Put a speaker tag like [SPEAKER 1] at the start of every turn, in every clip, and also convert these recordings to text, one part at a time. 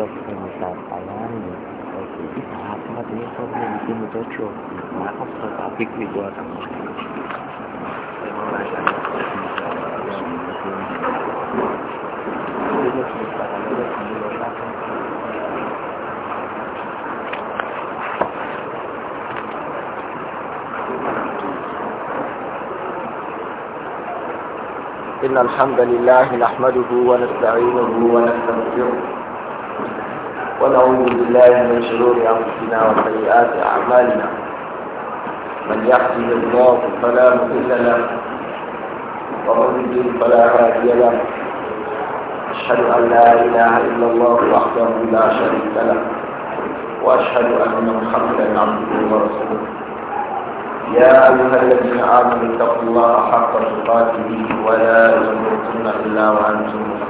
[SPEAKER 1] soffre di salpaiani e si tratta di forme di tenuto ciò ma questo va qui qui guarda إن الحمد لله نحمده ونستعينه ونستغفره ونعوذ بالله من شرور أنفسنا وسيئات أعمالنا من يحسن الله فلا مضل له ومن يضلل فلا هادي له أشهد أن لا إله إلا الله وحده لا شريك له وأشهد أن محمدا عبده ورسوله يا أيها الذين آمنوا اتقوا الله حق تقاته ولا تموتن إلا وأنتم مسلمون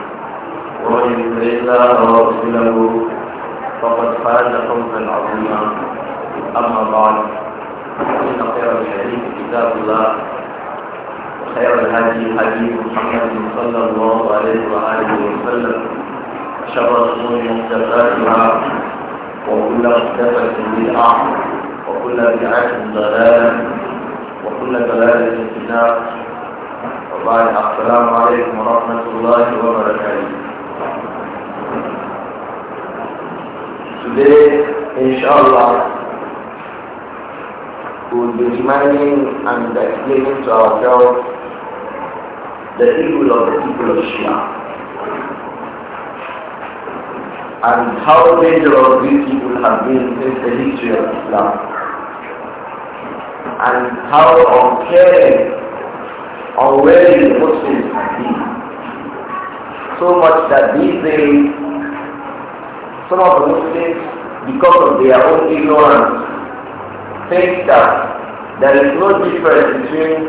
[SPEAKER 1] ومن يطع الله ورسوله فقد فاز فوزا عظيما اما بعد فان خير الحديث كتاب الله وخير الهدي حديث محمد صلى الله عليه واله وسلم شر الامور محدثاتها وكل محدثه بدعه وكل بدعه ضلاله وكل ضلاله في النار وبعد السلام عليكم ورحمه الله وبركاته Today, inshallah, we will be reminding and explaining to ourselves the evil of the people of Shia and how dangerous these people have been since the history of Islam
[SPEAKER 2] and how uncaring, unwary Muslims so much that these days, some of the Muslims, because of their own ignorance, think that there is no difference between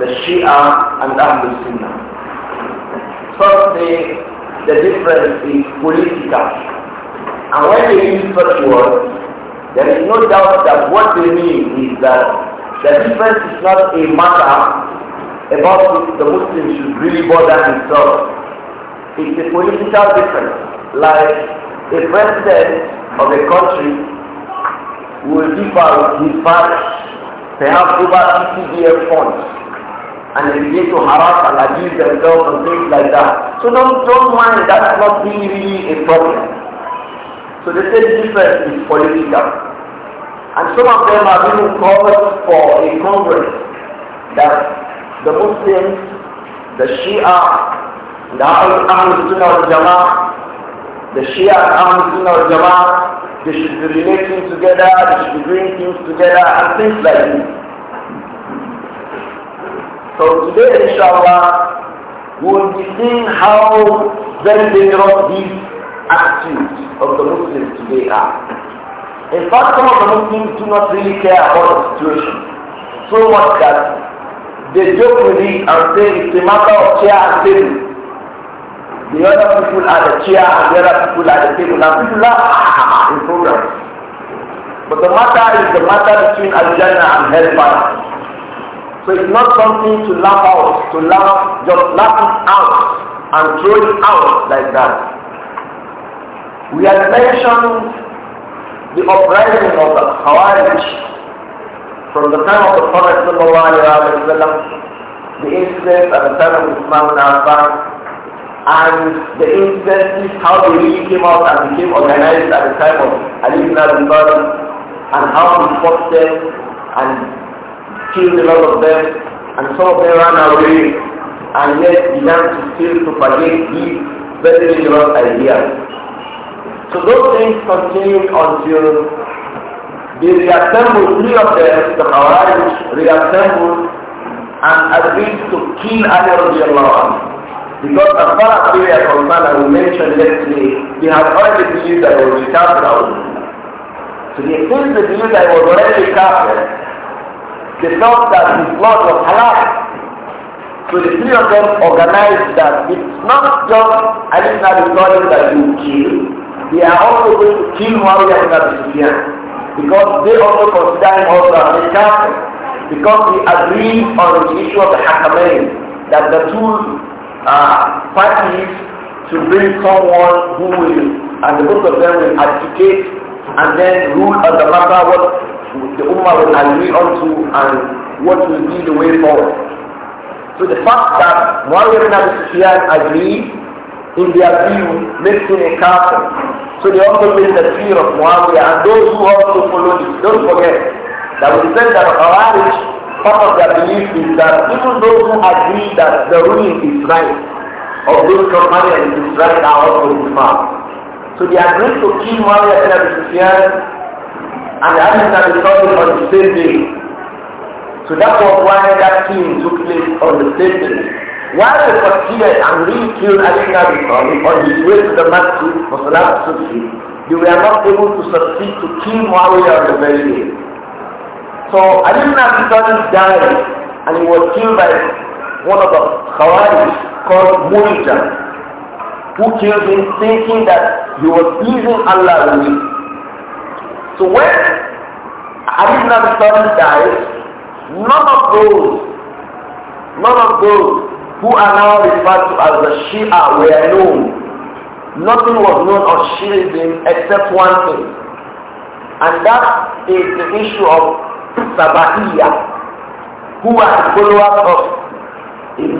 [SPEAKER 2] the Shia and Ahlul Sunnah. Some say the difference is political. And when they use such words, there is no doubt that what they mean is that the difference is not a matter about which the Muslims should really bother themselves. It's a political difference. Like a president of a country will give out his banks, perhaps over CCDF funds, and they begin to harass and abuse themselves and things like that. So don't, don't mind, that's not really, really a problem. So the same difference is political. And some of them are even called for a congress that the Muslims, the Shia, the ahlul sunnah al-Jama'ah, the Shia and Ahlul Sunnah al Jama'ah, they should be relating together, they should be doing things together and things like this. So today, inshallah, we will be seeing how very dangerous these attitudes of the Muslims today are. In fact, some of the Muslims do not really care about the situation so much that they joke with it and say it's a matter of chair and table. The other people are the chair and the other people are the table. Now people are in programs. But the matter is the matter between al and Hellfire. So it's not something to laugh out, to laugh, just laugh it out and throw it out like that. We had mentioned the uprising of the Khawarij from the time of the Prophet the incident at the time of Islam and Affan, and the incident is how they really came out and became organized at the time of Ali ibn Abi Talib and how he fought them and killed a lot of them and some of them ran away and yet began to still propagate these very relevant ideas. So those things continued until they reassembled, three of them, the Khawarij reassembled and agreed to kill Ali radiallahu anhu. Because as far as of are concerned, we mentioned yesterday, they have already believed that I was recast So the extent they believed that I was already recast, The thought that his blood was halal. So the three of them organized that it's not just Ali ibn Abi Talib that you kill, they are also going to kill Muawiyah ibn Abi Sufyan. Because they also consider him also as a kafir. Because he agreed on the issue of the Hakamain, that the two uh, parties to bring someone who will, and the both of them will advocate and then rule on the matter what the Ummah will agree on to, and what will be the way forward. So the fact that Muawiyah ibn Abi Sufyan agreed in their view makes him a kafir. So they also made the fear of Muawiyah and those who also followed it. Don't forget that we said that Khawarij part of their belief is that even those who agree that the ruling is right of those companions is right are also Islam. So they agreed to kill Muawiyah ibn Abi Sufyan and Ali ibn Abi Talib on the same day. So that was why that killing took place on the same day. While they succeeded and really killed Ali ibn Abi Talib on his way to the masjid for Salat Sufi, they were not able to succeed to kill Muawiyah on the very day. So Ali ibn Abi Talib died and he was killed by one of the Khawarij called Murija who killed him thinking that he was pleasing Allah with him. So when Ali ibn Abi Talib died, none of those, none of those who are now referred to as the Shia were known. Nothing was known of Shiism except one thing. And that is the issue of Sabahiya, who was the follower of Ibn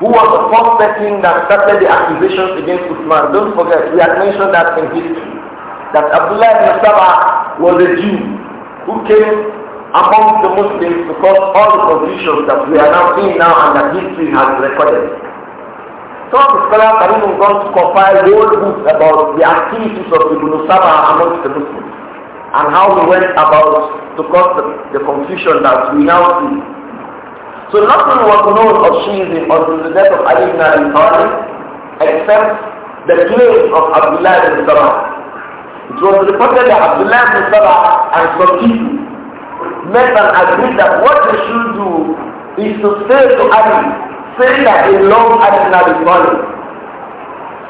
[SPEAKER 2] who was the first person that started the accusations against Uthman. Don't forget, we had mentioned that in history, that Abdullah ibn was a Jew who came among the Muslims to cause all the confusions that we are now seeing now and that history has recorded. Some of the scholars have even gone to compile whole books about the activities of Ibn Sabah amongst the Muslims and how we went about to cause the, the confusion that we now see. So nothing was known of Shi'ism until the death of Ali ibn Abi Talib except the claims of Abdullah ibn Salah. It was reported that Abdullah ibn Salah and some people met and agreed that what they should do is to say to Ali, saying that they love Ali ibn Abi Talib,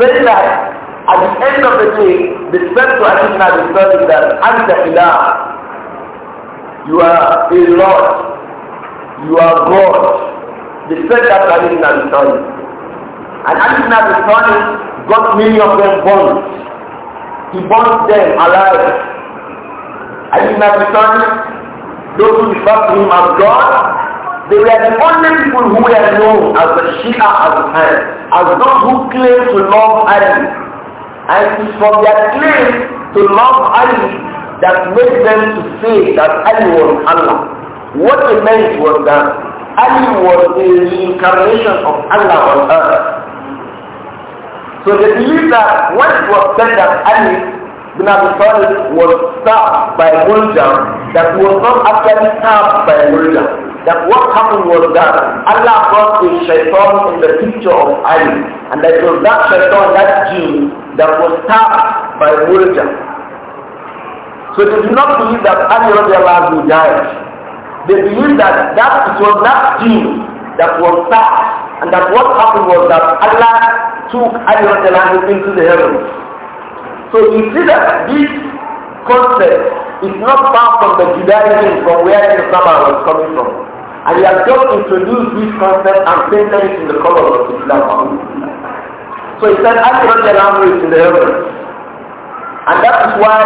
[SPEAKER 2] saying that at the end of the day, the self to Ashina is telling that Anta Ilah, you are a Lord, you are God. The self that Ashina is telling. And Ashina is telling got many of them burnt. He burnt them alive. Ashina is telling those who refer to him as God, they were the only people who were known as the Shia at the time, as those who claimed to love Ali and it is from their claim to love Ali that made them to say that Ali was Allah. What they meant was that Ali was the reincarnation of Allah on earth. So they believe that when it was said that Ali Ibn Abi Talib was stabbed by Muljam that was not actually stabbed by Muljam. That what happened was that Allah brought a shaitan in the picture of Ali. And that was that shaitan, that jinn, that was stabbed by Muljam. So they do not believe that Ali will died. They believe that, that it was that jinn that was stabbed. And that what happened was that Allah took Ali radiallahu into the heavens. So you see that this concept is not far from the Judaism from where the Islam was coming from. And he has just introduced this concept and painted it in the color of Islam. So he said, "I cannot Rajalam is in the heavens. And that is why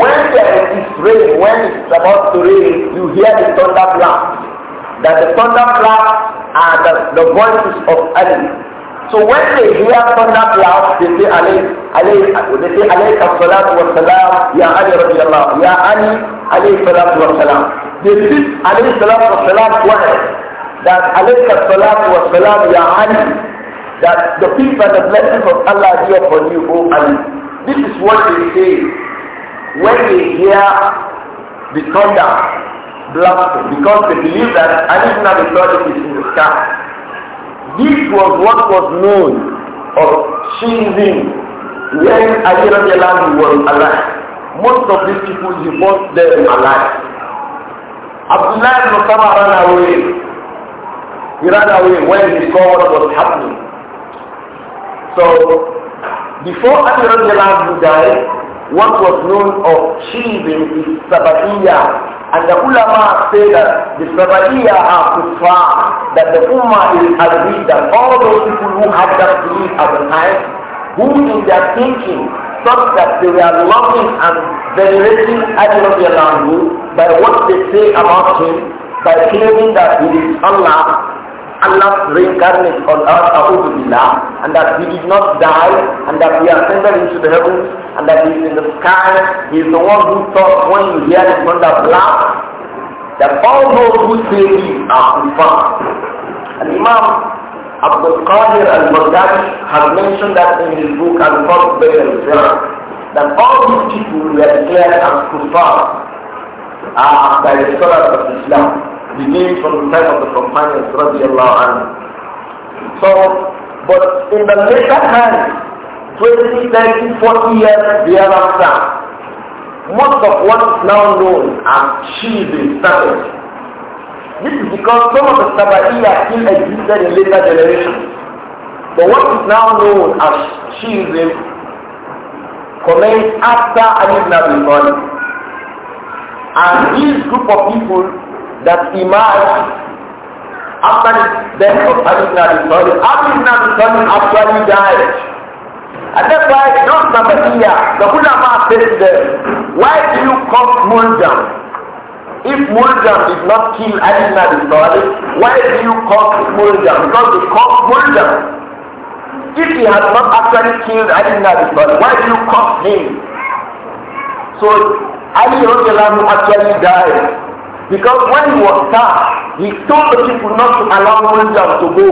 [SPEAKER 2] when there is rain, when it's about to rain, you hear the thunder That the thunder are the, the voices of Ali so when they hear thunder cloud, they say "Ali, Ali, they say alayhi salatu wa salam, ya Ali Rasulullah, ya Ali, Ali, Salat wa salam. They sit alayhi salatu wa salam twice. That Ali, Salat wa salam, ya Ali, that the peace and the blessings of Allah be upon you, O Ali. This is what they say when they hear the thunder blasting because they believe that Ali is ibn Abi Talib is in the sky. This was what was known of Shizim when Ali Radiallahu was alive. Most of these people, he bought them alive. Abdullah ibn Osama ran away. He ran away when he saw what was happening. So, before Ali Radiallahu died, what was known of Shizim is Sabahiyah and the ulama say that the Sabbatia are kuffar, that the Ummah is agreed that all those people who had that belief at the time, who in their thinking thought that they were loving and venerating Adil by what they say about him, by claiming that he is Allah, Allah's reincarnate on earth, and that he did not die, and that he ascended into the heavens, and that he is in the sky. He is the one who thought when you hear the thunder blast, that all those who say he are kufar. And Imam Abdul Qadir al-Baghdadi has mentioned that in his book Al-Fat al that all these people were declared as kufar uh, by the scholars of Islam name from the time of the companions radiallahu anhu. So, but in the later time, 20, 30, 40 years thereafter, most of what is now known as the started. This is because some of the Sabaiya still existed in later generations. But what is now known as Shizim commenced after Ali ibn Abi Talib. And this group of people that emerged after the death of Ali ibn Abi Talib. actually died. And that's why not Nabatia, the ulama said to them, why do you call Muljam? If Muljam did not kill Ali ibn Abi Talib, why do you call Muljam? Because they call Muljam. If he has not actually killed Ali ibn Abi Talib, why do you call him? So Ali actually died. Because when he was there, he told the people not to allow Muljam to go.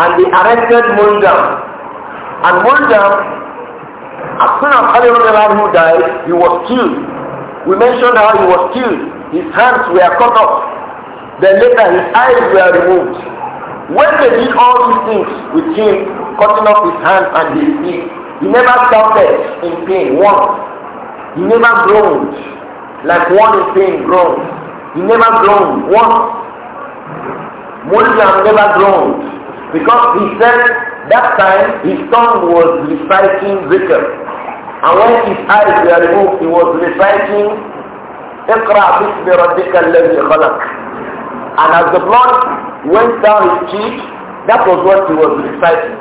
[SPEAKER 2] And they arrested Muljam. And Muljam, as soon as Ali who died, he was killed. We mentioned how he was killed. His hands were cut off. Then later his eyes were removed. When they did all these things with him, cutting off his hands and his feet, he never shouted in pain once. He never groaned like one is saying grown. He never grown. What? Muljam never grown. Because he said that time his tongue was reciting zikr. And when his eyes were removed, he was reciting اقرأ باسم And as the blood went down his cheek, that was what he was reciting.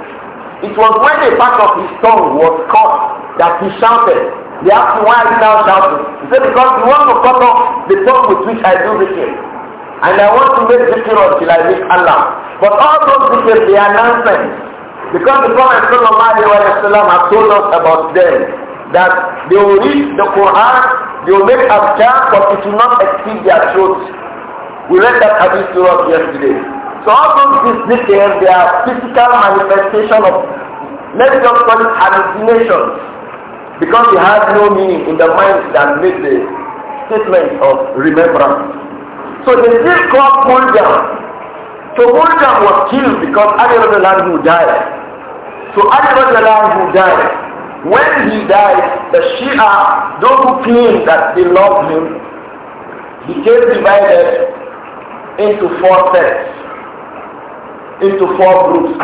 [SPEAKER 2] It was when a part of his tongue was cut that he shouted, they ask me, why I now shouting? He said, because you want to cut off the tongue with which I do the thing. And I want to make zikr until I meet Allah. But all those zikr, they are nonsense. Because the Prophet Sallallahu Alaihi Wasallam has told us about them. That they will read the Quran, they will make abjad, but it will not exceed their truth. We read that hadith to us yesterday. So all those zikr, they are physical manifestation of, let's just call it hallucinations because it has no meaning in the mind that made the statement of remembrance. So they still called Muljam. So Muljam was killed because Ali who died. So Ali who died. When he died, the Shia, those who claimed that they loved him, became divided into four sects, into four groups.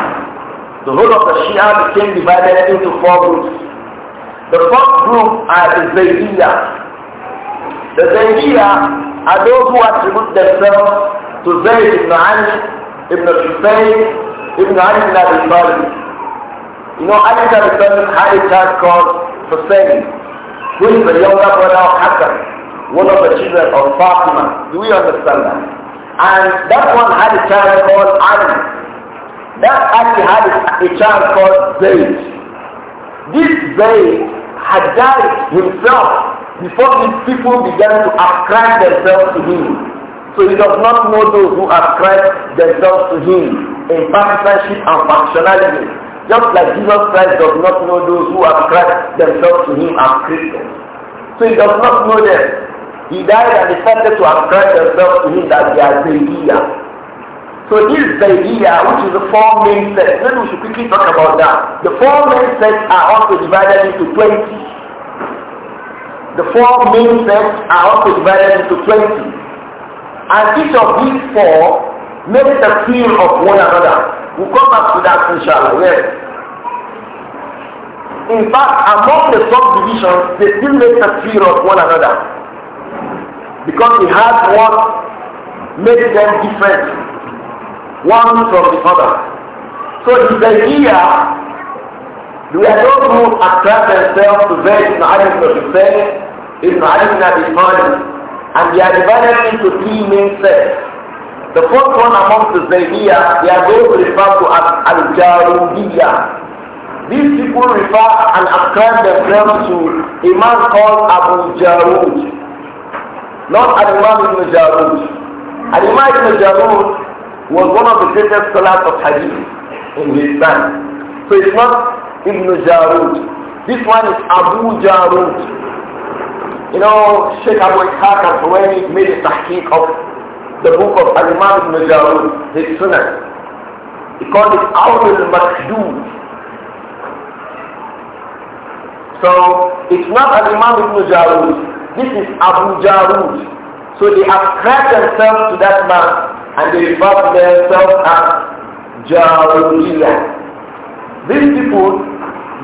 [SPEAKER 2] The whole of the Shia became divided into four groups. The first group are the Zaydiya. The Zaydiya are those who attribute themselves to Zayd ibn Ali, ibn Hussein, ibn Ali ibn Abi Talib. You know, Ali ibn Abi Talib had a child called Hussein, who is the younger brother of Hassan, one of the children of Fatima. Do we understand that? And that one had a child called Ali. That Ali had a child called Zayd this day had died himself before these people began to ascribe themselves to him. So he does not know those who ascribe themselves to him in partnership and functionality. just like Jesus Christ does not know those who ascribe themselves to him as Christians. So he does not know them. He died and they started to ascribe themselves to him that they are Zaydiyah. So this the idea, which is the four main sets. Then we should quickly talk about that. The four main sets are also divided into 20. The four main sets are also divided into 20. And each of these four makes the feel of one another. We'll come back to that inshallah. Yes. In fact, among the subdivisions, they still make the feel of one another. Because they have what makes them different one from the other. So the idea, we are those who attract themselves to Zayd ibn Ali ibn Hussein, ibn Ali ibn and they are divided into three main sects. The first one amongst the Zaydiyah, they are those refer to as Al-Jarudiyah. These people refer and ascribe themselves to a man called Abu Jarud, not Al-Imam ibn Jarud. Al-Imam ibn Jarud was one of the greatest scholars of hadith in his time. So it's not Ibn Jarud. This one is Abu Jarud. You know, Sheikh Abu Ishaq al-Huwaini made a tahqiq of the book of Al-Imam Ibn Jarud, his Sunan. He called it Awl al-Makhdud. So it's not Al Imam Ibn Jarud. This is Abu Jarud. So they ascribe themselves to that man and they refer themselves as Jahiliyyah. These people,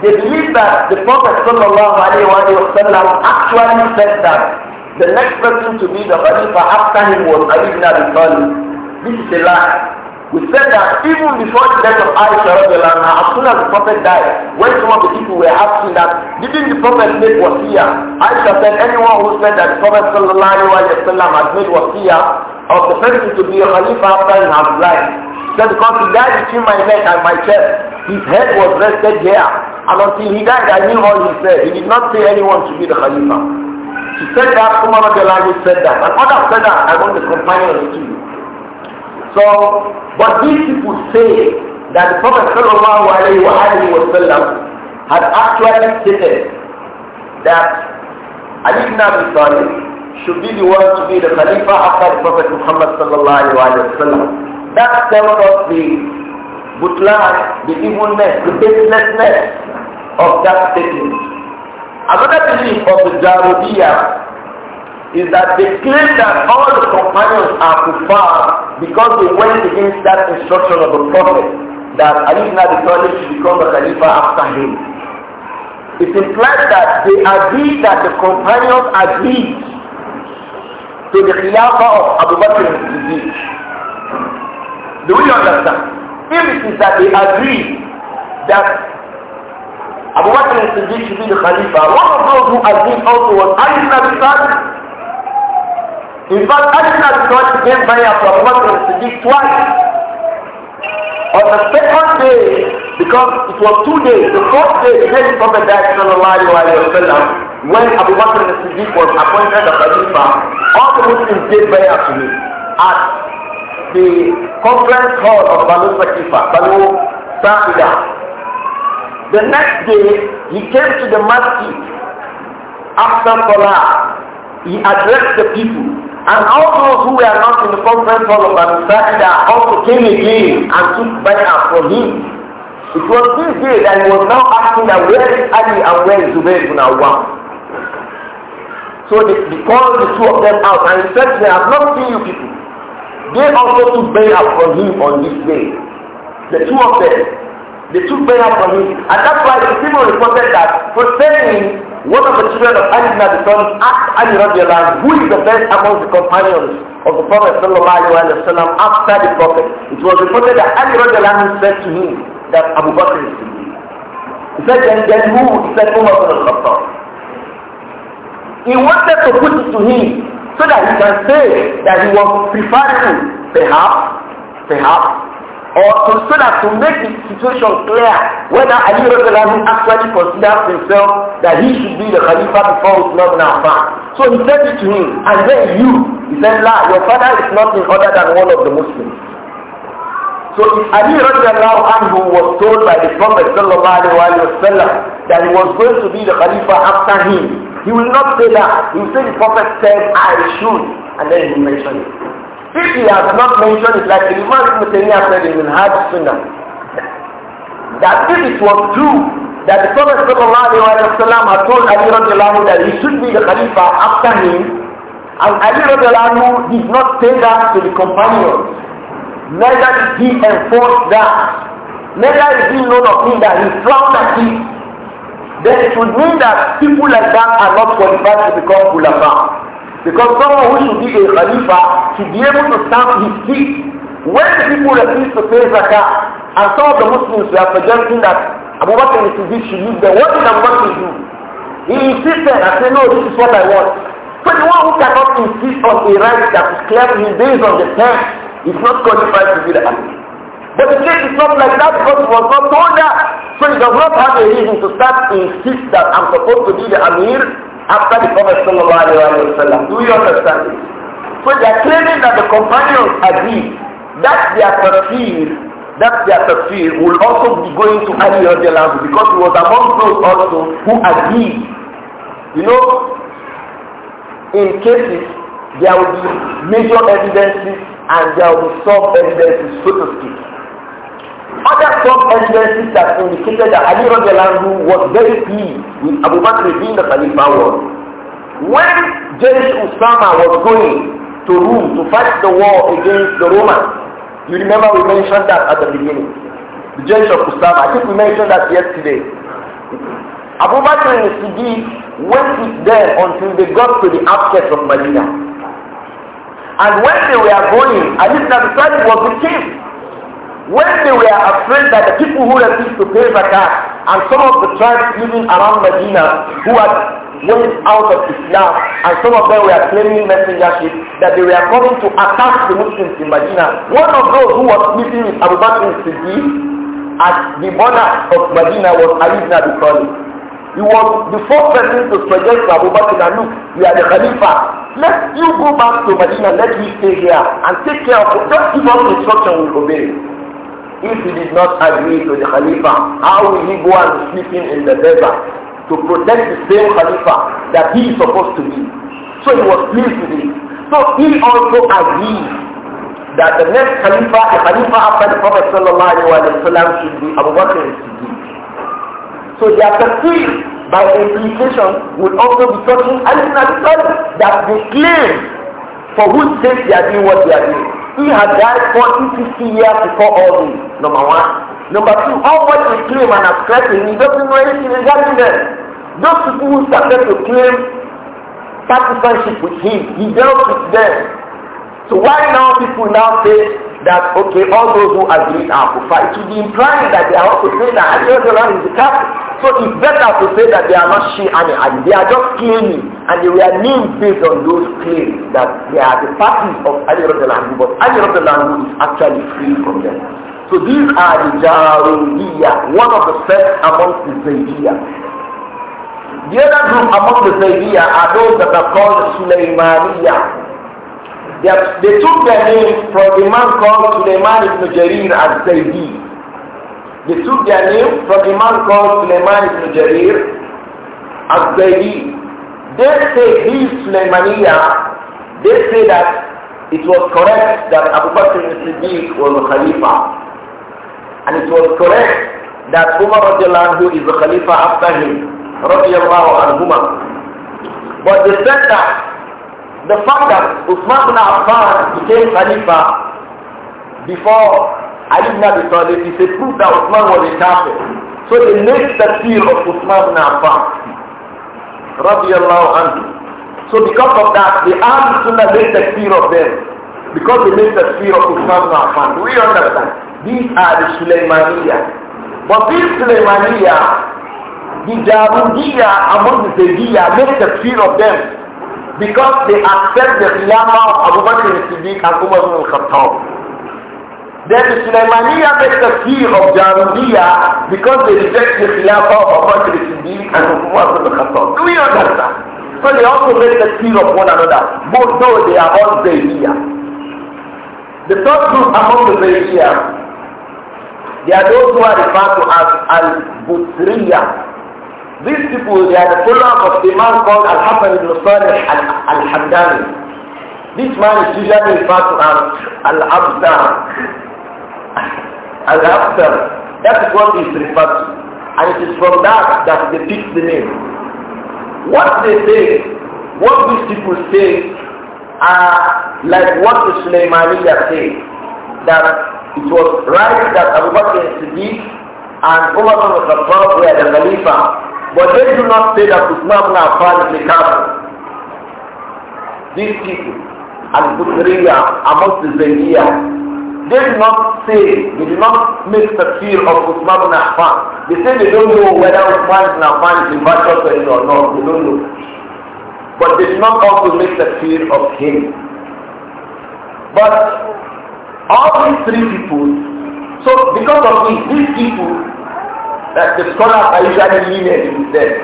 [SPEAKER 2] they believe that the Prophet wasallam actually said that the next person to be the Khalifa after him was Ali ibn Abi Talib. This is a lie. We said that even before the death of Aisha, as soon as the Prophet died, when some of the people were asking that, didn't the Prophet make wasiyah? Aisha said, anyone who said that the Prophet ﷺ has made wasiyah of the person to be a Khalifa after in his life. So because he died between my neck and my chest, his head was rested here. And until he died, I knew all he said. He did not say anyone to be the Khalifa. He said that, Umar Abdullah said that. And others said that I want the companions you. So, but these people say that the Prophet sallallahu alayhi wa was wa had actually stated that Ali ibn Abi Talib should be the one to be the Khalifa after the Prophet Muhammad sallallahu alayhi wa sallam. That tells us the butlan, the evilness, the baselessness of that statement. Another belief of the Jarudiyah is that they claim that all the companions are kuffar because they went against that instruction of the Prophet that Ali ibn Abi Talib should become the Khalifa after him. It implies that they agreed that the companions agreed to the Khilafah of Abu Bakr Siddiq. Do we understand? If it is that they agree that Abu Bakr Siddiq should be the Khalifa, one of those who agreed also was Ali ibn Abi In fact, Ali ibn Abi came by Abu Bakr Siddiq twice. On the second day, because it was two days, the fourth day, the day the Prophet died, sallallahu wa sallam, when Abu Bakr al Siddiq was appointed as Khalifa, all the Muslims gave prayer to him at the conference hall of Banu Sakifa, Banu Sa'ida. The next day, he came to the masjid after Salah. He addressed the people and all those who were not in the conference hall of Banu Sa'ida also came again and took up from him. It was this day that he was now asking that where is Ali and where is Zubayr ibn Awam? So they, they called the two of them out and he said they have not seen you people. They also took bay'ah from him on this day. The two of them, they took bay'ah from him. And that's why the people reported that for saying one of the children of Ali ibn Abi Talib asked Ali radiallahu who is the best among the companions of the Prophet sallallahu after the Prophet. It was reported that Ali radiallahu said to him that Abu Bakr is best. He said, then, then who? He said, Umar ibn al-Khattab. He wanted to put it to him so that he can say that he was preferring perhaps, perhaps or to, so that to make the situation clear whether Ali Radiallahu actually considers himself that he should be the Khalifa before Usman bin Affan. So he said it to him, and then you, he said, La, your father is nothing other than one of the Muslims. So if Ali radiallahu anhu was told by the Prophet sallallahu Alaihi wasallam that he was going to be the Khalifa after him, he will not say that. He will say the Prophet said, I should, and then he mentioned it. If he has not mentioned it, like Imam Ibn Taymiyyah said in Minhaj Sunnah, that if it was true that the Prophet sallallahu alayhi had told Ali radiallahu that he should be the Khalifa after him, and Ali radiallahu did not say that to the companions, neither did he enforce that, neither is he known of him that he frowned at it, then it would mean that people like that are not qualified to become Khulafa. Because someone who should be a Khalifa should be able to stamp his feet. When the people refuse to pay zakat, and some of the Muslims were suggesting that Abu Bakr and Siddiq should leave them, what did Abu Bakr do? He insisted and said, no, this is what I want. So the one who cannot insist on a right that is clear to him based on the text is not qualified to be the Amir. But the case is not like that because he was not told that. So he does not have a reason to start insist that I'm supposed to be the Amir after the Prophet sallallahu alayhi wa sallam. Do you understand this? So they are claiming that the companions agree that their tafsir, that their tafsir will also be going to Ali radiallahu because he was among those also who agreed. You know, in cases, there will be major evidences and there will be sub-evidences, so to speak. Other strong evidences that indicated that Ali Radiallahu was very pleased with Abu Bakr being the Khalifa was when Jaish Usama was going to Rome to fight the war against the Romans, you remember we mentioned that at the beginning. The Jaish of Usama, I think we mentioned that yesterday. Abu Bakr and Sidi went with them until they got to the outskirts of Medina. And when they were going, Ali Nabi Talib was the king when they were afraid that the people who refused to pay zakat and some of the tribes living around Medina who had went out of Islam and some of them were claiming messengership that they were coming to attack the Muslims in Medina. One of those who was meeting with Abu Bakr Siddiq at the border of Medina was Ali ibn Abi Talib. He was the first person to suggest to Abu Bakr that look, we are the Khalifa let you go back to Medina, let me stay here and take care of it. Just give us instruction, we'll obey. If he did not agree to the Khalifa, how will he go and sleep in the desert to protect the same Khalifa that he is supposed to be? So he was pleased with it. So he also agreed that the next Khalifa, the Khalifa after the Prophet ﷺ should be Abu Bakr al-Siddiq. So their tafsir by implication would also be touching Ali ibn Abi Talib that they claim for whose sake they are doing what they are doing. He has died for 50 years before all this, number one. Number two, All what he claim and has threatened, he doesn't know anything regarding them. Those people who started to claim partisanship with him, he dealt with them. So why now people now say that, okay, all those who agree are kuffar? It would be implying that they are also saying that Ali is a kafir. So it's better to say that they are not Shia and Ali. They are just claiming, and they were named based on those claims that they are the parties of Ali Odoran, but Ali Odoran is actually free from them. So these are the Jarudiyya, one of the sects amongst the Zaydiyya. The other group among the Zaydiyya are those that are called Sulaymaniyya. They, have, they took their name from a man called Suleiman ibn Jarir al-Zaydi. They took their name from a man called Suleiman ibn Jarir al-Zaydi. They say this Suleimania. they say that it was correct that Abu Bakr al-Siddiq was the Khalifa. And it was correct that Umar radiallahu is the Khalifa after him, radiallahu anhumah. But they said that the fact that Uthman ibn Affan became Khalifa before Ali ibn Abi Talib is a proof that Uthman was a kafir. So they laid the fear of Uthman ibn Affan. Radiallahu anhu. So because of that, the Ahl Sunnah made the fear of them. Because they made the fear of Uthman ibn Affan. Do we understand? These are the Sulaymaniyah. But these Sulaymaniyah, the Jarudiyah among the Zaydiyah made the fear of them because they accept the Khilafah of Abu Bakr al-Siddiq and Umar ibn al-Khattab. Then the Sulaimaniyya makes a fear of Jarudiyya because they reject the Khilafah of Abu Bakr al-Siddiq and Umar ibn al-Khattab. Do you understand? So they also make a fear of one another, both though they are all Zaydiyya. The third group among the Zaydiyya, they are those who are referred to as Al-Busriyya. These people, they are the followers of the man called Al-Hasan ibn Salih Al-Hamdani. This man is usually referred to as Al-Abdar. Al-Abdar. That is what is referred to. And it is from that that they pick the name. What they say, what these people say, are like what the Sulaimaniya say, that it was right that Abu Bakr Siddiq and Umar bin Khattab were the Khalifa but they do not say that Usman ibn Affan is a kafir. These people, and bukhariya amongst the Zaydiya, they do not say, they do not make the fear of Usman ibn Affan. They say they don't know whether Usman ibn Affan is a virtuous or not. They don't know. But they do not also make the fear of him. But all these three people, so because of these, these people, that the scholars are usually lenient with them.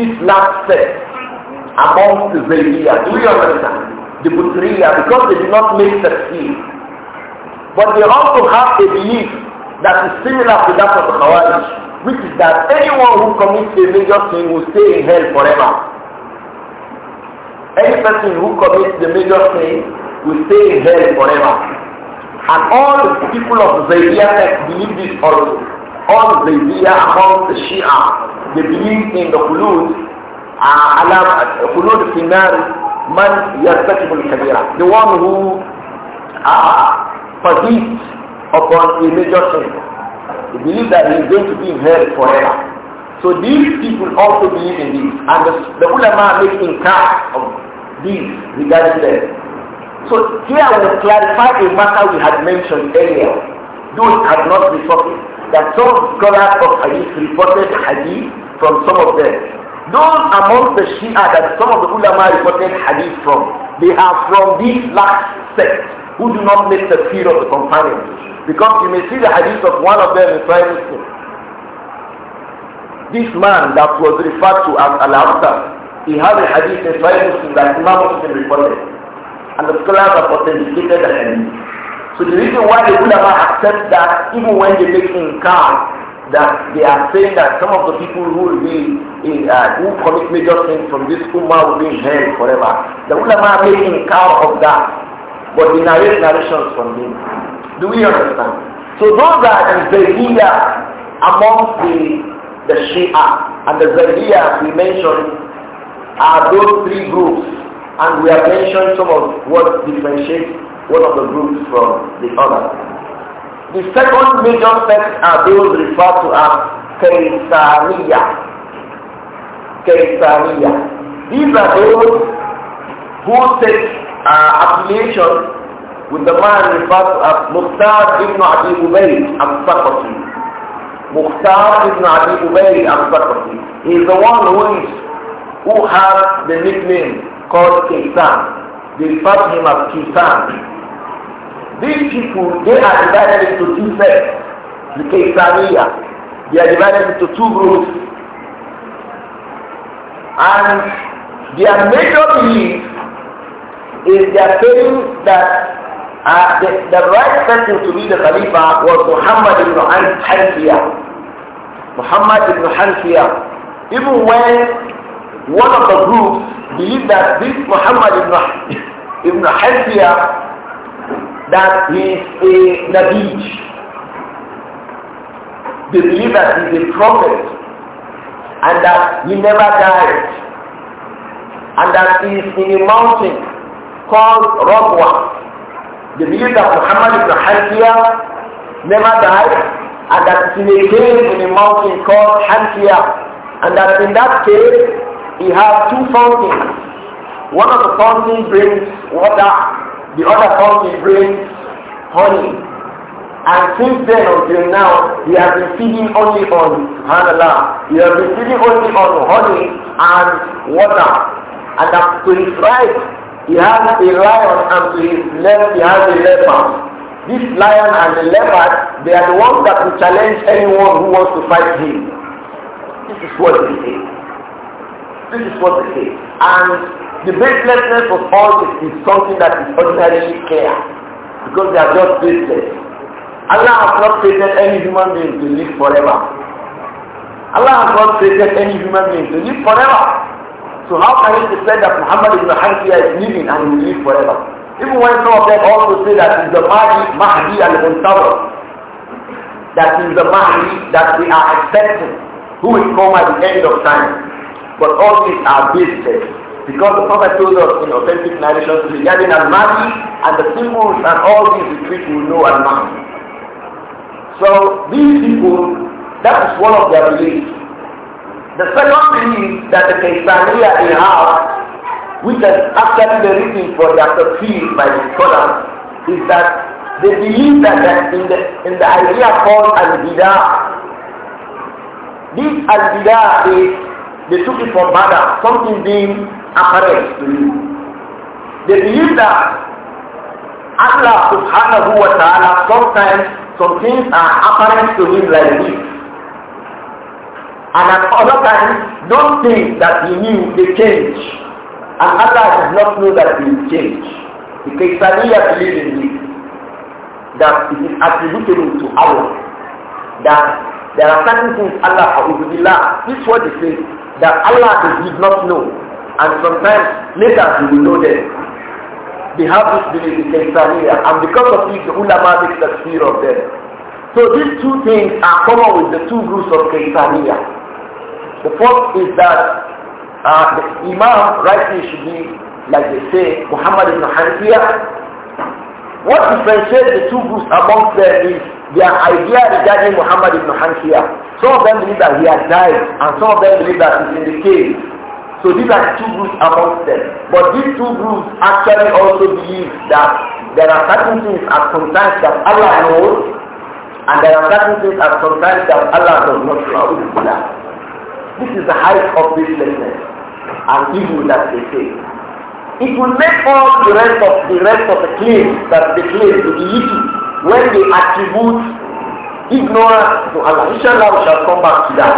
[SPEAKER 2] This last set amongst the Zaydiya, do you understand? The Butriya, because they did not make the succeed. But they also have a belief that is similar to that of the Khawarij, which is that anyone who commits a major sin will stay in hell forever. Any person who commits the major sin will stay in hell forever. And all the people of Zaydiya believe this also all the idea among the Shia, they believe in the Qulud, alam, Qulud Finar, man yartakibul kabira, the one who uh, persists upon a major sin. They believe that he is going to be in hell forever. So these people also believe in this, and the, the ulama make inkar of this regarding them. So here I will clarify a matter we had mentioned earlier, Those it had not been surfaced that some scholars of hadith reported hadith from some of them. Those among the Shia that some of the ulama reported hadith from, they are from these last sects who do not make the fear of the companions. Because you may see the hadith of one of them in private school. This man that was referred to as Al-Abtar, he had a hadith in private school that Imam Muslim reported. And the scholars have authenticated the hadith. So the reason why the ulama accept that even when they make in count that they are saying that some of the people who will be in, uh, who commit major sins from this ummah will be in hell forever. The ulama make in count of that, but they narrate narrations from them, Do we understand? So those are the Zaydiya amongst the, the Shia and the Zaydiya we mentioned are those three groups and we have mentioned some of what differentiates one of the groups from the other. The second major sect are those referred to as Kaisariya. Kaisariya. These are those who take uh, affiliation with the man referred to as Muqtar ibn Abi Ubaid al-Saqafi. Muqtar ibn Abi Ubaid al He is the one who is who has the nickname called Kaisan. They refer to him as Kisan. These people, they are divided into two sects. The Kaysaniya. They are divided into two groups. And their major belief is they are saying that uh, the, the right person to be the Khalifa was Muhammad ibn Hanfiyah. Muhammad ibn Hanfiyah. Even when one of the groups believed that this Muhammad ibn, ibn Hanfiyah that he is a Nabij. They believe that he is a prophet and that he never died and that he is in a mountain called Rabwa. They believe that Muhammad ibn Hankiya never died and that he is in a mountain called Hantia and that in that cave he has two fountains. One of the fountains brings water the other found his brain honey. And since then until now, he has been feeding only on subhanallah. He has been feeding only on honey and water. And up to his right, he has a lion and to his left, he has a leopard. This lion and the leopard, they are the ones that will challenge anyone who wants to fight him. This is what they say. This is what they say. And the baselessness of all this is something that is ordinarily care, because they are just baseless. Allah has not created any human being to live forever. Allah has not created any human being to live forever. So how can it be said that Muhammad ibn Hanfiya is living and will live forever? Even when some of them also say that he's the Mahdi, Mahdi al-Muntawar, that is the Mahdi that we are accepting, who will come at the end of time. But all these are baseless. Because the Prophet told us in authentic narrations regarding Al-Mahdi and the symbols and all these retreats which we know Al-Mahdi. So these people, that is one of their beliefs. The second belief that the Caesarea they have, which is actually the reason for their appeal by the scholars, is that they believe that, that in, the, in the idea called Al-Bidah, this Al-Bidah is they took it for bada, something being apparent to you. They believe that Allah subhanahu wa ta'ala sometimes some things are apparent to him like this. And at other times, those things that he knew, they change. And Allah does not know that they change. Because Saniya believes in this. That it is attributable to Allah. That there are certain things Allah, this is what he says, that Allah did not know. And sometimes later we will know them. They have this belief in Tanzania and because of it the ulama makes fear of them. So these two things are common with the two groups of Tanzania. The first is that uh, the Imam rightly should be, like they say, Muhammad ibn Hanifiya. What differentiates the two groups amongst them is their idea regarding Muhammad ibn Hanifiya some of them believe that he had died, and some of them believe that he's in the cave. So these are two groups amongst them. But these two groups actually also believe that there are certain things at sometimes that Allah knows, and there are certain things at sometimes that Allah does not know. This is the height of ruthlessness and evil that they say. It will make all the rest of the rest of the claims that they claim to be evil when they attribute Ignorant, to Allah. Inshallah, we shall come back to that.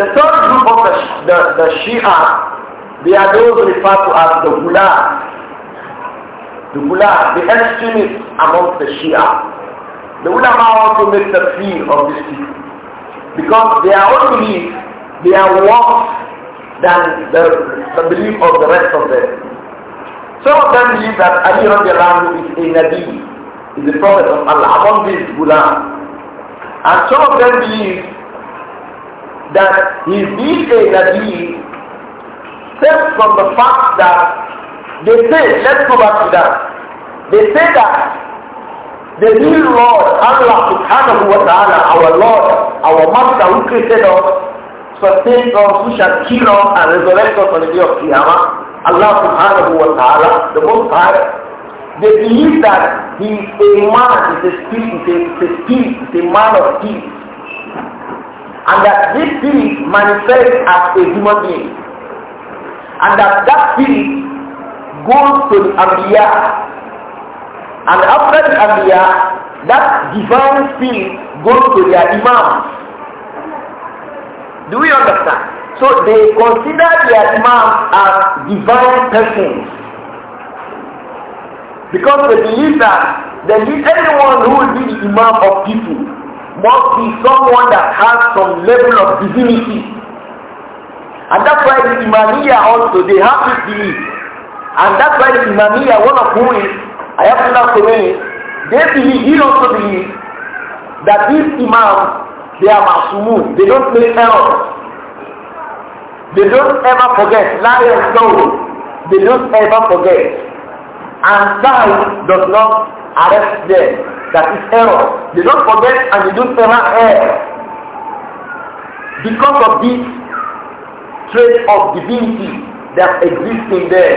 [SPEAKER 2] The third group of the, the, the Shia, they are those referred to as the Gula. The Gula, the extremists amongst the Shia. The ulama want to make the feel of this people. Because they are only belief, they are worse than the, the belief of the rest of them. Some of them believe that Ali radiallahu is a Nabi, is the prophet of Allah among these Gulam. And some of them believe that his say that he stems from the fact that they say, let's go back to that. They say that the real Lord, Allah subhanahu wa ta'ala, our Lord, our Master who created us, sustains us, who shall kill us and resurrect us on the day of Qiyamah, Allah subhanahu wa ta'ala, the Most High, they believe that he is a man, is a spirit, is a, a spirit, a man of peace. And that this spirit manifests as a human being. And that that spirit goes to the Ambiya. And after the Ambiya, that divine spirit goes to their imams. Do we understand? So they consider their imams as divine persons. Because they believe that they need anyone who will be the imam of people must be someone that has some level of divinity. And that's why the Imamiya also, they have this belief. And that's why the Imamiya, one of whom is Ayatollah Khomeini, they believe, he also believe that this Imam they are masumun. They don't make errors. They don't ever forget. and stone, They don't ever forget. And time does not arrest them. That is error. They don't forget and they don't ever err. Because of this trait of divinity that exists in them.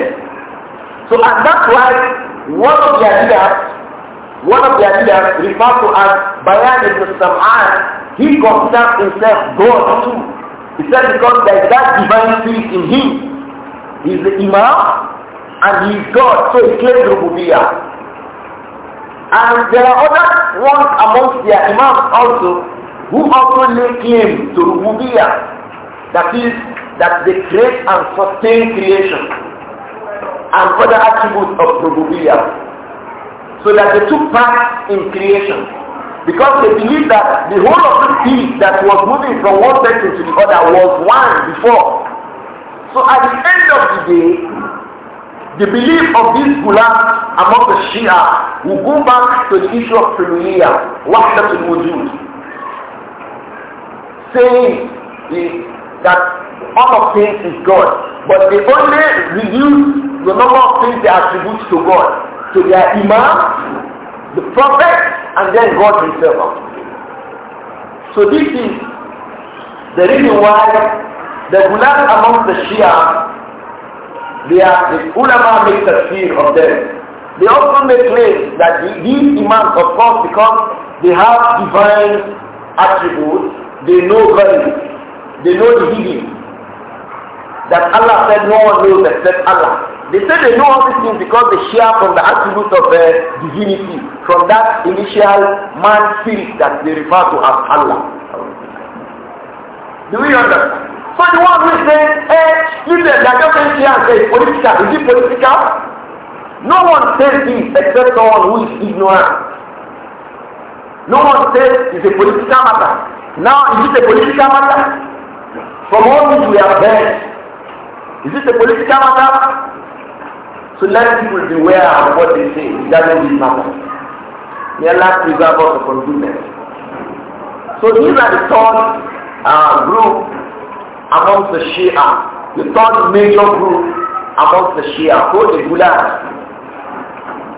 [SPEAKER 2] So and that's why one of the ideas, one of the ideas referred to as Bayan ibn Sam'an, he considers himself God too. He said because there is that divine spirit in him. He is the Imam, and he is God, so he claims Rububiya. And there are other ones amongst their imams also who also lay claim to Rububiya, That is, that they create and sustain creation and other attributes of Rububiya. So that they took part in creation because they believe that the whole of the sea that was moving from one person to the other was one before. So at the end of the day, the belief of these gula among the Shia will go back to the issue of Tululiya, Wahdatul Wujud, saying that all of things is God, but they only reduce the number of things they attribute to God, to their Imam, the Prophet, and then God Himself. So this is the reason why the gula among the Shia they are, the ulama make fear of them. They often make claims that these imams, of course, because they have divine attributes, they know God, they know the hidden. That Allah said no one knows except Allah. They say they know all these things because they share from the attributes of the uh, divinity, from that initial man spirit that they refer to as Allah. Do we understand? So the one If the government here says political, is it political? No one says this except someone who is ignorant. No one says it's a political matter. Now, is it a political matter? From all this we have heard, is it a political matter? So let people beware of what they say regarding this matter. May Allah preserve us from goodness.
[SPEAKER 1] So these are the third
[SPEAKER 2] uh, group amongst the Shia The third major group amongst the Shia called the Gulans.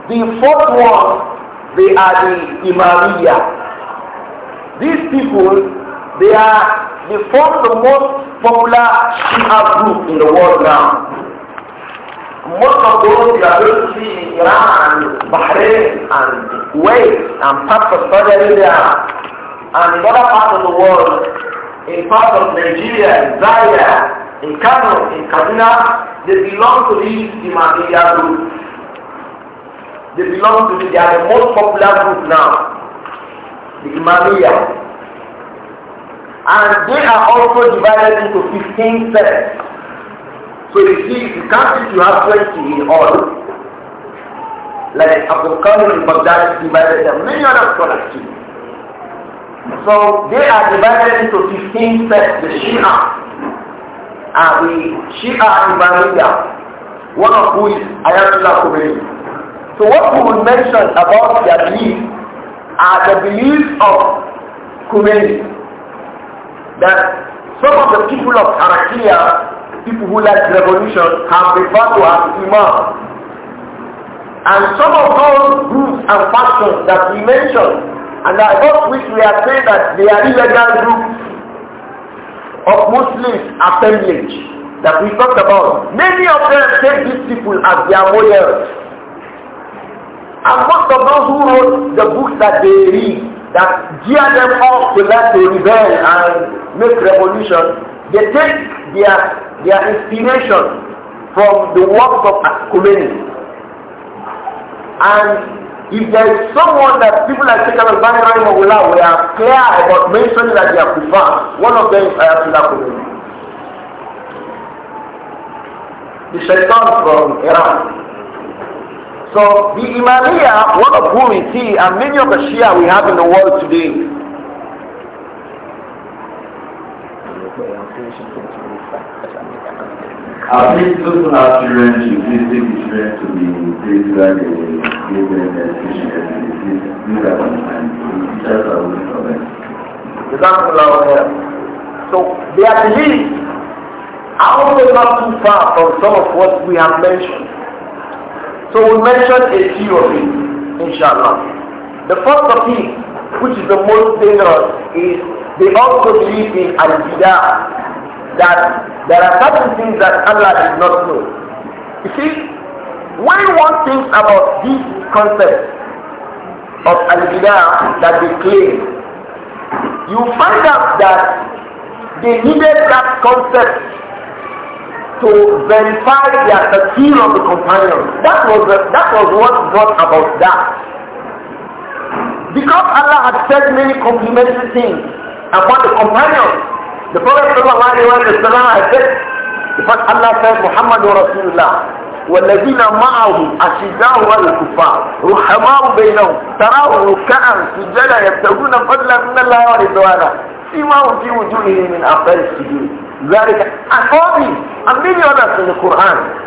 [SPEAKER 2] The fourth one, they are the Imamiya. These people, they are, they form the most popular Shia group in the world now. Most of those you are going to see in Iran and Bahrain and Kuwait and parts of Saudi Arabia and in other parts of the world, in parts of Nigeria, Zaire, in Kano, in Kaduna, they belong to the Imamiyya group. They belong to the, they are the most popular group now, the Imamiyya. And they are also divided into 15 sects. So you see, you can't you have 20 in all. Like Abdul Qadir al-Baghdadi divided them, many other scholars too. So they are divided into 15 sects, the Shia, are the Shia Imamiyya, one of who is Ayatollah Khomeini. So what we will mention about their beliefs are the beliefs of Khomeini, that some of the people of Harakia, people who like revolution, have referred to as Imam. And some of those groups and factions that we mentioned, and about which we are saying that they are illegal groups, of Muslim assemblage that we talked about, many of them take these people as their models. And most of those who wrote the books that they read, that gear them up to let to rebel and make revolution, they take their, their inspiration from the works of Khomeini. And if there is someone that people like Sheikh Al-Bani Rahimahullah we are clear about mentioning that they are kufar, one of them is Ayatollah Khomeini. The shaitan from Iran. So the Imamiyya, one of whom is he, and many of the Shia we have in the world today,
[SPEAKER 1] I please also have children to please take the children to the place where they give them their education do that on they The teachers are waiting for them.
[SPEAKER 2] So also not too far from some of what we have mentioned. So we mentioned a few of it, inshallah. The first of it, which is the most dangerous, is they also believe in al-bidah, that there are certain things that Allah did not know. You see, when one thinks about these concepts of al that they claim, you find out that they needed that concept to verify their appeal of the companions. That was, the, that was what brought about that. Because Allah had said many complimentary things about the companions, The Prophet عليه وسلم said, the الله Allah محمد ورسول الله والذين معه أشداء الكفار رحماء بينهم تراه ركعا سجدا يبتغون فضلا من الله ورضوانا سيماهم في وجوههم من أقل السجود ذلك أصابي and many others in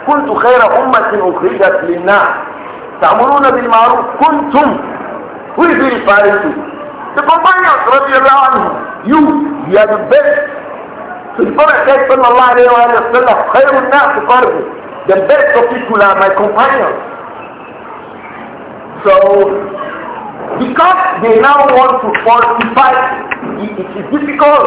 [SPEAKER 2] كنت خير أمة أخرجت للناس تأمرون بالمعروف كنتم who is the companions رضي الله you you are the best So the Prophet said, Sallallahu Alaihi Wasallam, Khairun the best of people are my companions. So, because they now want to fortify, it, it is difficult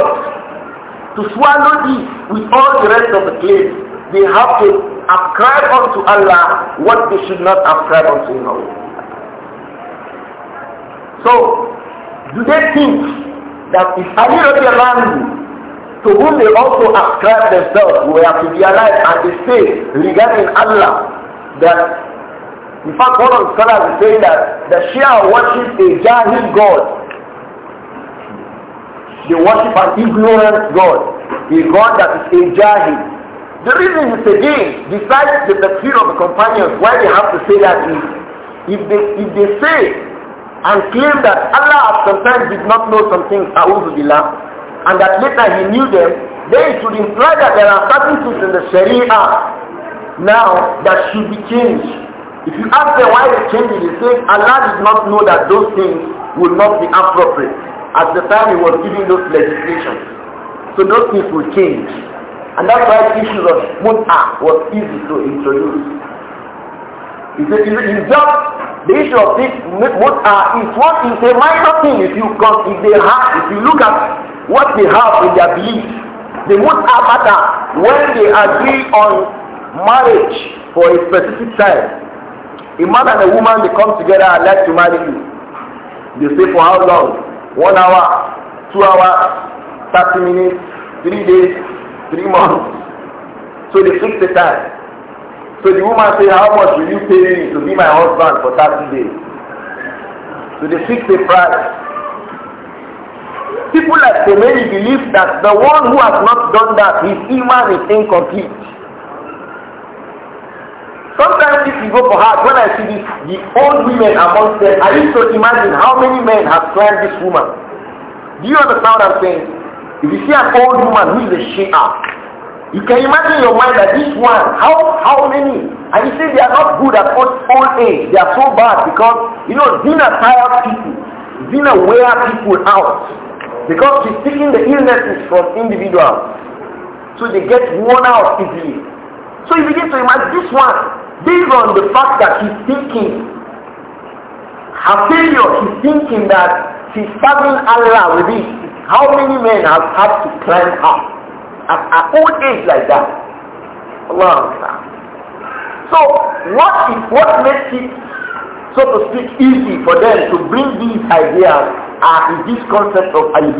[SPEAKER 2] to swallow this with all the rest of the claims. They have to ascribe unto Allah what they should not ascribe unto Him. So, do they think that if Ali radiallahu to whom they also ascribe themselves were to be alive and they say regarding Allah that in fact one of the scholars is saying that the Shia worship a Jahil God. They worship an ignorant God, a God that is a Jahil. The reason is again, besides the fear of the companions, why they have to say that is if they if they say and claim that Allah sometimes did not know some things, I will and that later he knew them, then it should imply that there are certain things in the Sharia now that should be changed. If you ask them why they changed it, they say Allah did not know that those things will not be appropriate at the time he was giving those legislations. So those things will change. And that's why issues of mut'ah was easy to introduce. It's is, is just the issue of this what are uh, is what is a minor thing if you come if they have if you look at what they have in their belief. The mut'a matter when they agree on marriage for a specific time. A man and a woman they come together and like to marry you. They say for how long? One hour, two hours, thirty minutes, three days, three months. So they fix the time. So the woman said, how much will you pay me to be my husband for 30 days? So they fixed the price. People like many believe that the one who has not done that, his iman is incomplete. Sometimes if you go for hard, when I see this, the old women amongst them, I used to imagine how many men have climbed this woman. Do you understand what I'm saying? If you see an old woman who is a Shia, you can imagine your mind that this one, how how many? And you say they are not good at old, old age. They are so bad because, you know, Zina tired people. Zina wear people out. Because she's taking the illnesses from individuals. So they get worn out easily. So you begin to imagine this one, based on the fact that he's thinking, her failure, he's thinking that she's serving Allah with it. How many men have had to climb up? At an old age like that. Allah. So what is what makes it, so to speak, easy for them to bring these ideas and this concept of al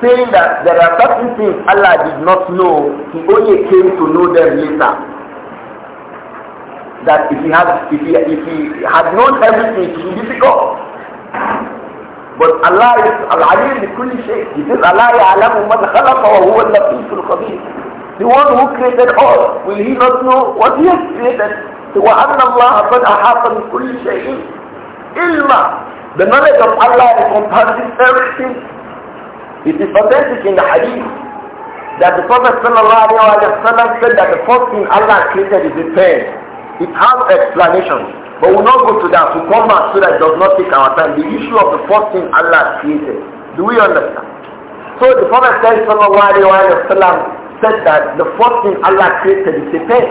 [SPEAKER 2] saying that there are certain things Allah did not know, He only came to know them later. That if He had, if he, if he had known everything, it would be difficult. But Allah is Al-Alim Likulli Shaykh. He says, Allah ya'alamu man khalaqa wa huwa al-latiful khabir. The one who created all, will he not know what he has created? So, وَأَنَّ اللَّهَ قَدْ أَحَاطَ بِكُلِّ شَيْءٍ إِلْمًا The knowledge of Allah encompasses everything. It is authentic in the hadith that the Prophet sallallahu alayhi wa sallam said that the first thing Allah created is a pen. It has explanations. But we'll not go to that. We'll come back so that it does not take our time. The issue of the first thing Allah created. Do we understand? So the Prophet said, wasallam said that the first thing Allah created is a pen.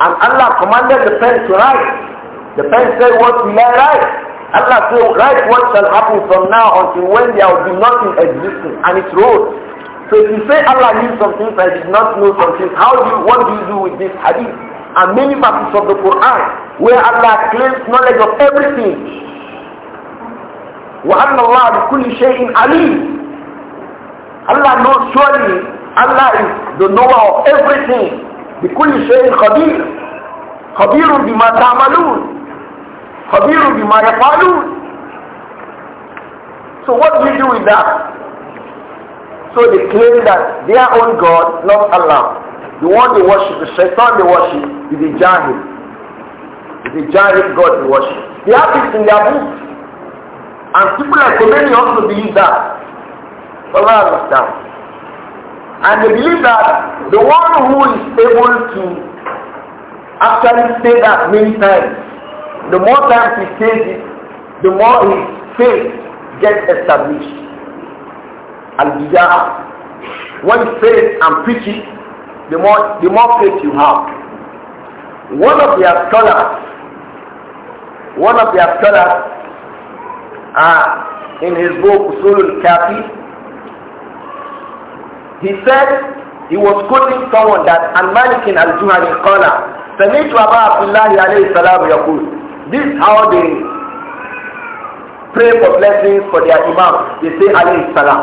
[SPEAKER 2] And Allah commanded the pen to write. The pen said, what will I write? Allah said, write what shall happen from now until when there will be nothing existing. And it wrote. So if you say Allah knew some things, I did not know some things, how do you, what do you do with this hadith? and many verses of the Quran where Allah claims knowledge of everything. وَأَنَّ اللَّهَ بِكُلِّ شَيْءٍ عَلِيمٌ Allah knows surely, Allah is the knower of everything. بِكُلِّ شَيْءٍ خَبِيرٌ خَبِيرٌ بِمَا تَعْمَلُونَ خَبِيرٌ بِمَا يَفْعَلُونَ So what do you do with that? So they claim that their own God, not Allah. The one they worship, the shaitan they worship, is a jahil. is a jahil God they worship. They have it in their books. And people like Khomeini also believe that. Allah understand. And they believe that the one who is able to actually say that many times, the more times he says it, the more his faith gets established. Al-Bijah, when faith and preaching the more the more faith you have. One of their scholars, one of their scholars, uh, in his book Usulul Kafi, he said he was quoting someone that and Malikin al Juhani Qala, سمعت أبا عبد الله عليه السلام يقول This is how they pray for blessings for their imam. They say عليه السلام.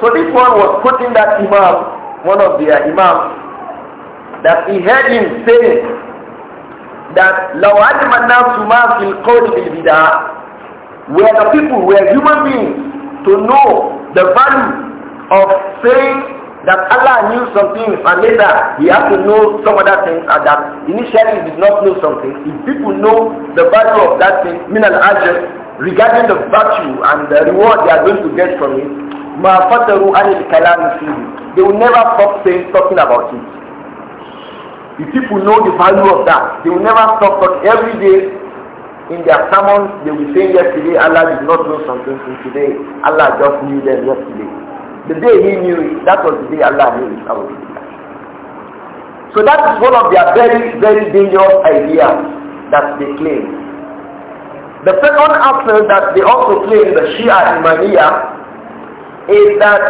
[SPEAKER 2] So this one was quoting that imam one of their imams, that he heard him saying that لَوْ عَلِمَ النَّاسُ مَا فِي الْقَوْلِ بِالْبِدَعَ Where the people, where human beings, to know the value of saying that Allah knew something and later he has to know some other things and that initially he did not know something. If people know the value of that thing, min al regarding the virtue and the reward they are going to get from it, ma anil kalam fihi they will never stop saying talking about it the people know the value of that they will never stop talking every day in their sermon, they will say yesterday Allah did not know something from today Allah just knew them yesterday the day he knew it that was the day Allah knew it so that is one of their very very dangerous ideas that they claim the second aspect that they also claim the Shia Imamiyah is that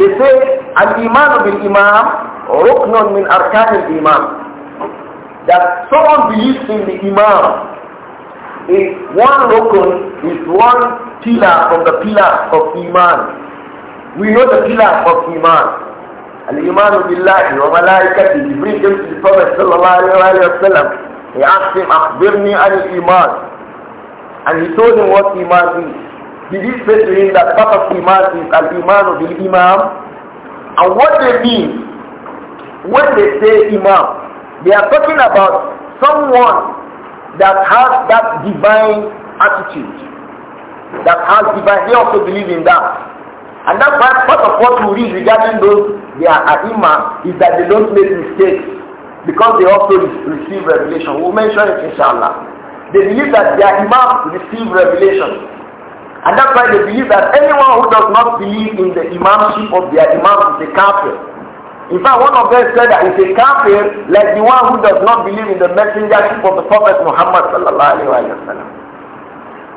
[SPEAKER 2] they say al-iman bil imam ruknun min arkan al-imam that someone believes in the imam is one rukun is one pillar from the pillar of iman we know the pillar of iman الإيمان بالله وملائكته Jibril came to the Prophet Sallallahu الله عليه وسلم he asked him أخبرني عن imam." and he told him what iman is did he say to him that part of Iman is an Iman of the Imam? And what they mean when they say Imam, they are talking about someone that has that divine attitude, that has divine, they also believe in that. And that's why part of what we read regarding those, are Aima, is that they don't make mistakes because they also receive revelation. We'll mention it inshallah. They believe that their Imam receive revelation. And that's why they believe that anyone who does not believe in the imamship of their imam is a kafir. In fact, one of them said that if a kafir like the one who does not believe in the messengership of the Prophet Muhammad sallallahu alaihi wasallam.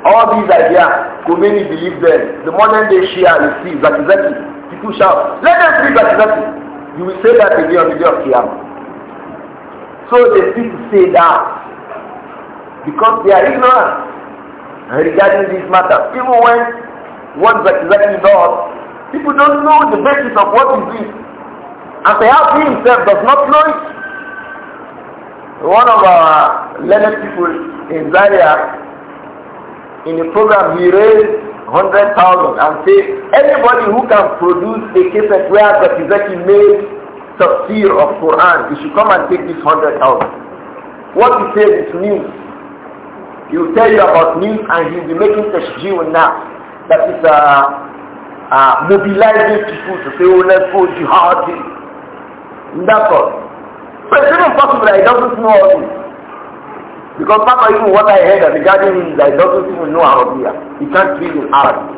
[SPEAKER 2] All these ideas, Khomeini believe them. The modern day Shia you see Zakizaki. People shout, let them see Zakizaki. You will say that again on the day of Qiyamah. So they still say that because they are ignorant regarding this matter. Even when what exactly does, people don't know the basis of what is this. And perhaps he himself does not know it. One of our learned people in Zaria, in the program, he raised 100,000 and said, anybody who can produce a case where actually made tafsir of Quran, you should come and take this 100,000. What he said is news. He will tell you about me and he will be making deal now. That is uh, uh, mobilizing people to say, oh, let's go jihad. That's all. So it's even possible that he doesn't know all this. Because Papa, even what I heard regarding him is that he doesn't even know Arabia. He can't read in Arabic.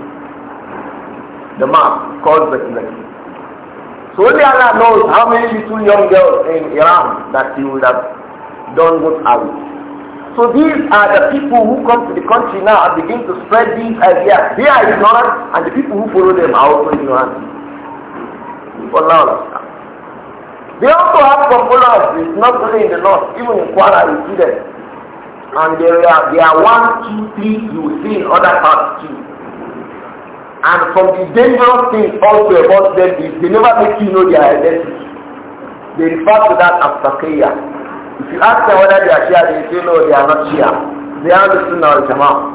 [SPEAKER 2] The man called Bethlehem. So only Allah knows how many little young girls in Iran that he would have done good I so these are the people who come to the country now and begin to spread these ideas. They are ignorant and the people who follow them are also ignorant. They also have some followers, it's not only in the north, even in Kuala you see them. And there are, there are one, two, three you will see in other parts too. And from the dangerous things also about them is they never make you know their identity. They refer to that as Sakaya. If you ask them whether they are Shia, they say no, they are not Shia. They are the Sunnah al Jama'ah.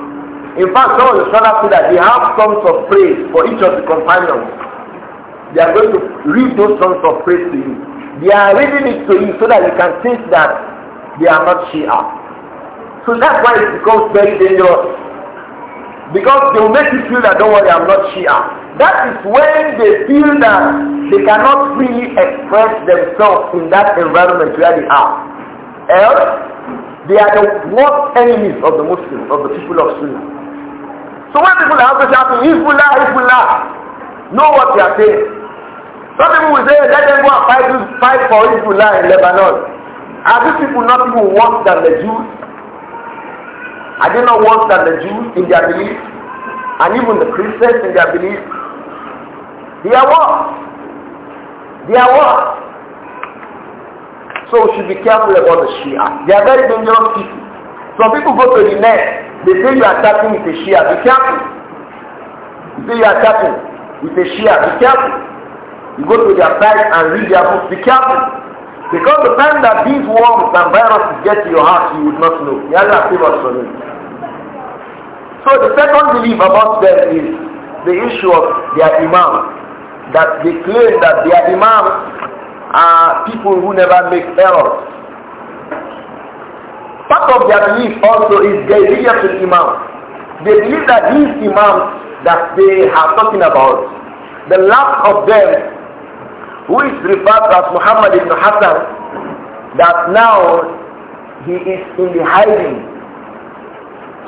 [SPEAKER 2] In fact, some of the Salaf say that they have songs of praise for each of the companions. They are going to read those songs of praise to you. They are reading it to you so that you can think that they are not Shia. So that's why it becomes very dangerous. Because they will make you feel that don't worry, I'm not Shia. That is when they feel that they cannot really express themselves in that environment where they are. Else, they are the worst enemies of the Muslims, of the people of Sunnah. So when people are if Hezbollah, Hezbollah, know what they are saying. Some people will say, let them go and fight, fight for Hezbollah in Lebanon. Are these people not even worse than the Jews? Are they not worse than the Jews in their belief? And even the Christians in their belief? They are worse. They are worse. So we should be careful about the Shia. They are very dangerous people. Some people go to the net, they say you are chatting with a Shia, be careful. You say you are chatting with a Shia, be careful. You go to their site and read their books, be careful. Because the time that these worms and viruses get to your heart, you would not know. They are not famous for So the second belief about them is the issue of their imam. That they claim that their imam are people who never make errors. Part of their belief also is the believe to Imam. They believe that these Imams that they are talking about, the last of them, who is referred to as Muhammad ibn Hassan, that now he is in the hiding.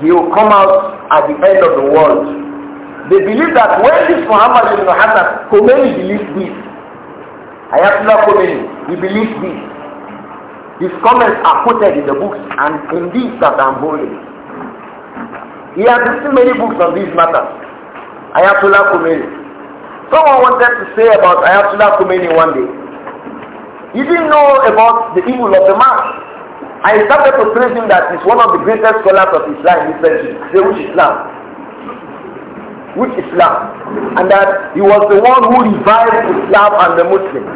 [SPEAKER 2] He will come out at the end of the world. They believe that when this Muhammad ibn Hassan, many believe this, Ayatollah Khomeini, he believes this. His comments are quoted in the books and in these that I'm holding. He has written many books on these matters. Ayatollah Khomeini. Someone wanted to say about Ayatollah Khomeini one day. He didn't know about the evil of the man. I started to praise him that he's one of the greatest scholars of Islam in this century, Jewish Islam with Islam and that he was the one who revived Islam and the Muslims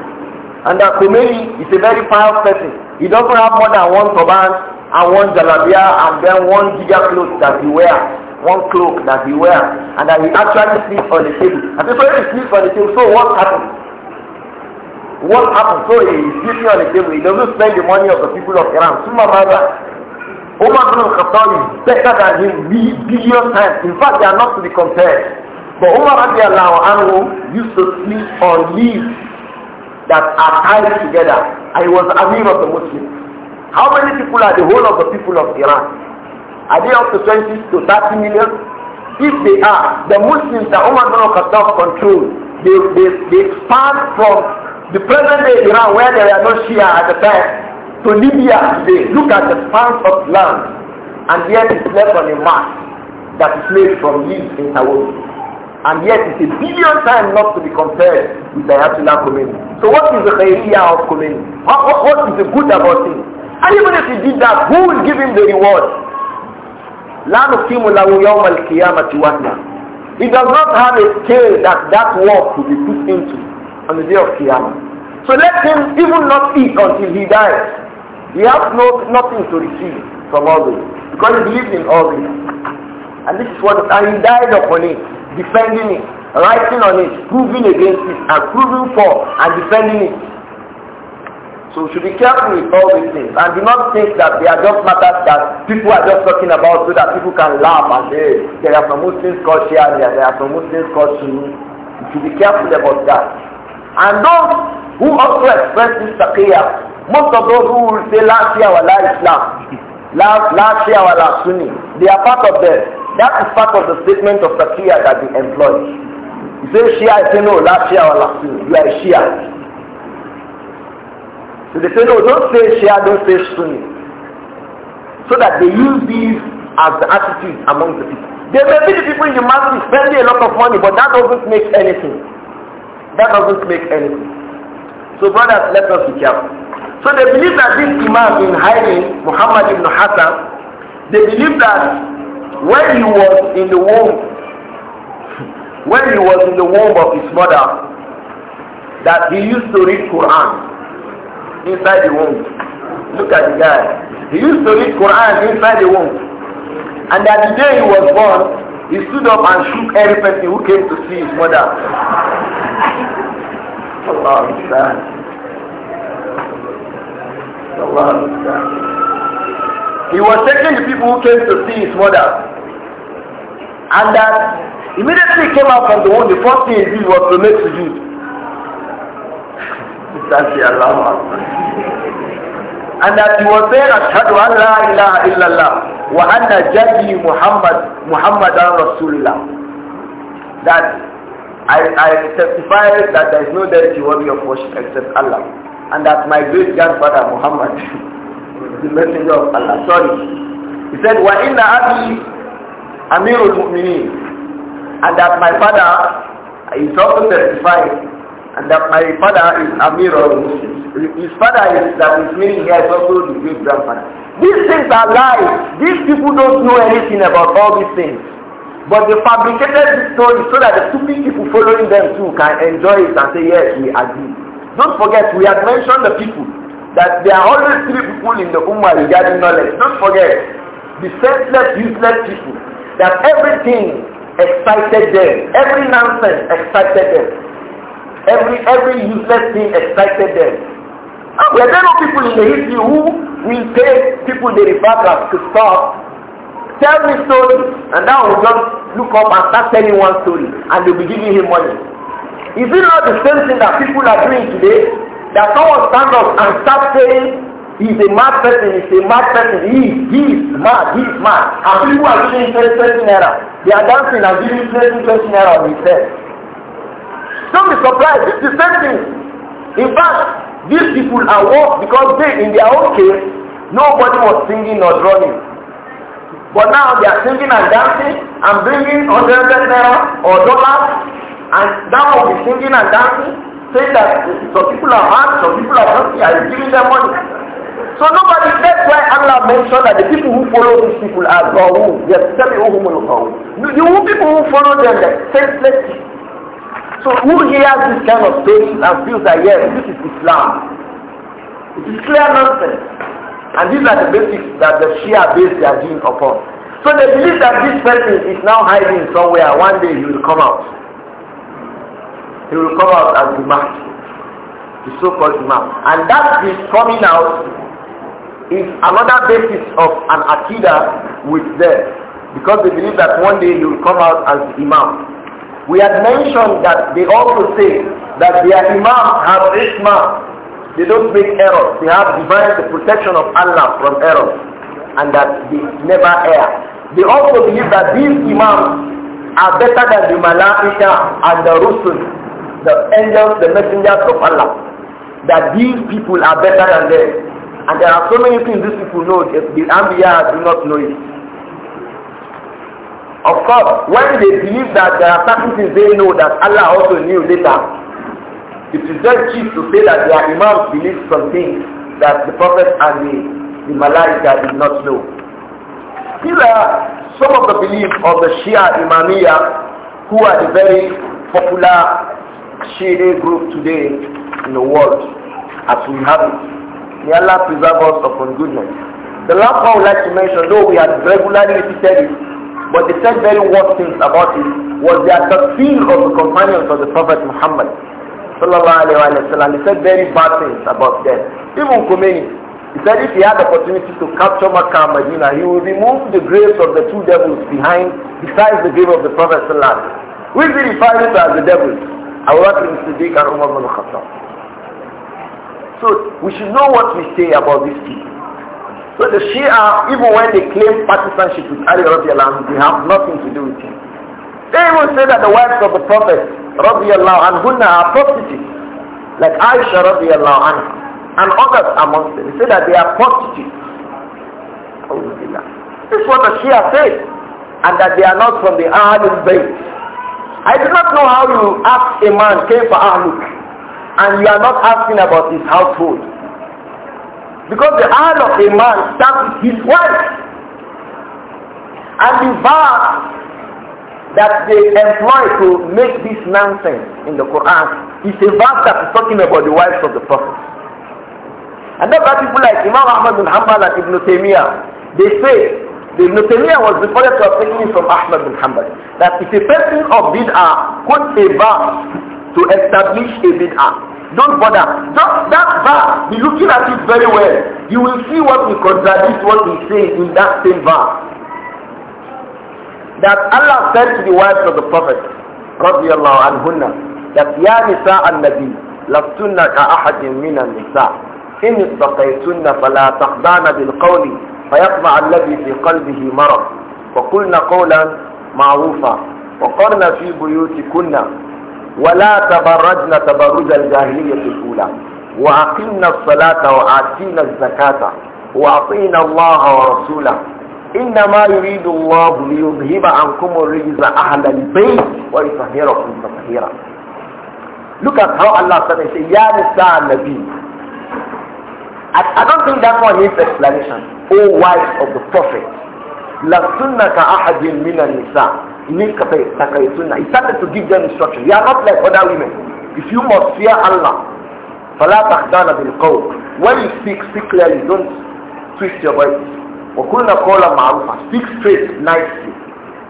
[SPEAKER 2] and that Khomeini is a very powerful person. He doesn't have more than one turban and one jalabia and then one giga cloth that he wears, one cloak that he wears and that he actually sleeps on the table. And before he sleeps on the table, so what happened? What happened? So he sleeps sleeping on the table. He doesn't spend the money of the people of Iran. Summa Umar ibn al-Khattab is better than him billion times. In fact, they are not to be compared. But Umar radiallahu anhu used to sleep on leaves that are tied together. And he was Amir of the Muslims. How many people are the whole of the people of Iran? Are they up to 20 to 30 million? If they are, the Muslims that Umar ibn al-Khattab controlled, they, they, they from the present day Iran where there are no Shia at the time to Libya today, look at the span of land, and yet it's left on a map that is made from leaves interwoven. And yet it's a billion times not to be compared with the Ayatollah Khomeini. So what is the Khairiyya of Khomeini? What, what, what is the good about him? And even if he did that, who will give him the reward? لا نقيم له al القيامة وزنا It does not have a scale that that work will be put into on the day of Qiyamah. So let him even not eat until he dies. He has no, nothing to receive from all this because he believes in all this. And this is what, and he died upon it, defending it, writing on it, proving against it, and proving for, and defending it. So we should be careful with all these things and do not think that they are just matters that people are just talking about so that people can laugh and say, there are some Muslims called Shia, there are some Muslims called Sunni. You should be careful about that. And those who also express this taqiyah most of those who will say last year wala Islam, last, last year wala Sunni, they are part of them. That is part of the statement of Shia that they employ. You say Shia, I say no, last year last Sunni, you are a Shia. So they say no, don't say Shia, don't say Sunni. So that they use these as the attitude among the people. There may be the people in the market spending a lot of money, but that doesn't make anything. That doesn't make anything. So brothers, let us be careful. So they believe that this Imam in hiding, Muhammad ibn Hassan, they believe that when he was in the womb, when he was in the womb of his mother, that he used to read Quran inside the womb. Look at the guy. He used to read Quran inside the womb. And that the day he was born, he stood up and shook every person who came to see his mother. Allah, he was taking the people who came to see his mother. And that immediately he came out from the womb, the first thing he did was to make sujood. and that he was saying, Ashhadu an la ilaha illallah wa anna jadi Muhammad, Muhammadan Rasulullah. That I, I testify that there is no deity worthy of worship except Allah and that my great grandfather Muhammad, the messenger of Allah, sorry, he said, "Wa inna abi Amirul Mu'minin," and that my father is also certified, and that my father is Amirul Muslims. His father is that is meaning here is also the great grandfather. These things are lies. These people don't know anything about all these things. But they fabricated this story so that the stupid people following them too can enjoy it and say, yes, we agree. Don't forget, we had mentioned the people, that there are always three people in the Ummah regarding knowledge. Don't forget, the senseless, useless people, that everything excited them, every nonsense excited them, every, every useless thing excited them. And there are no people in the history who will take people they refer to as to stop, tell me stories, and now will just look up and start telling one story, and they'll be giving him money. Is it not the same thing that people are doing today? That someone stands up and starts saying, he's a mad person, he's a mad person, he is, he is mad, he is mad. And people are giving 20, 20 naira. They are dancing and giving 20, 20 naira on his head. Don't be surprised, it's the same thing. In fact, these people are worse because they, in their own case, nobody was singing or drumming. But now they are singing and dancing and bringing 100 naira or dollars and now will be singing and dancing, saying that some people are hard, some people are healthy, and giving them money. So nobody, that's why Allah mentioned that the people who follow these people are Zawun. Yes, tell me who The people who follow them, they're senseless.
[SPEAKER 3] So who hears this
[SPEAKER 2] kind of things and feels that yes, this is Islam? It is clear nonsense. And these are the basics that the Shia base their deen upon. So they believe that this person is now hiding somewhere. One day he will come out he will come out as Imam, the so-called Imam. And that is coming out is another basis of an Akida with them because they believe that one day he will come out as Imam. We had mentioned that they also say that their Imam have Isma. They don't make errors. They have divine the protection of Allah from errors and that they never err. They also believe that these Imams are better than the Malaika and the Rusul the angels, the messengers of Allah, that these people are better than them. And there are so many things these people know that the Ambiya do not know it. Of course, when they believe that there are certain things they know that Allah also knew later, it is very cheap to say that their imams believe some things that the Prophet and the, the Malaika did not know. These are some of the beliefs of the Shia imamia who are the very popular Shia group today in the world as we have it. May Allah preserve us upon goodness. The last one I would like to mention, though we had regularly repeated it, but they said very worst things about it, was their tafsir of the companions of the Prophet Muhammad. Sallallahu Alaihi Wasallam. They said very bad things about them. Even Khomeini, he said if he had the opportunity to capture Makkah and Medina, he would remove the graves of the two devils behind, besides the grave of the Prophet Sallallahu We'll be it as the devils. Abu Bakr Siddiq and Umar ibn Khattab. So we should know what we say about these people. So the Shia, even when they claim partisanship with Ali radiallahu they have nothing to do with him. They even say that the wives of the Prophet radiallahu anhunna are prostitutes, like Aisha radiallahu anha, and others amongst them. They say that they are prostitutes. This is what the Shia says, and that they are not from the Ahlul Bayt. I do not know how you ask a man, came for Ahluk, and you are not asking about his household. Because the heart of a man starts with his wife. And the verse that they employ to make this nonsense in the Quran is a verse that is talking about the wives of the Prophet. And then people like Imam Ahmad bin Hanbal and Ibn Taymiyyah, they say The Ibn was reported to have taken it from Ahmad bin Hanbal. That if a person of bid'ah quotes a bar to establish a bid'ah, don't bother. Just that bar, be looking at it very well. You will see what he contradict what he says in that same bar. That Allah said to the wives of the Prophet, radiallahu anhunna, that Ya Nisa al-Nabi, لستن كأحد من النساء إن استقيتن فلا تخضعن بالقول فيطمع الذي في قلبه مرض وقلنا قولا معروفا وقرنا في بيوتكن ولا تبرجن تبرج الجاهلية الأولى وأقمنا الصلاة وآتينا الزكاة وأطينا الله ورسوله إنما يريد الله ليذهب عنكم الرجز أهل البيت ويطهركم تطهيرا Look at how Allah said, Ya Nisa al-Nabi, I, I don't think that one needs explanation. O wives of the Prophet, La sunnah ka ahadin mina nisa sunnah. He started to give them instruction. You are not like other women. If you must fear Allah, فَلَا تَخْدَانَ بِالْقَوْلِ When you speak, speak clearly. Don't twist your voice. وَكُلْنَا قَوْلًا مَعْرُوفًا Speak straight, nicely.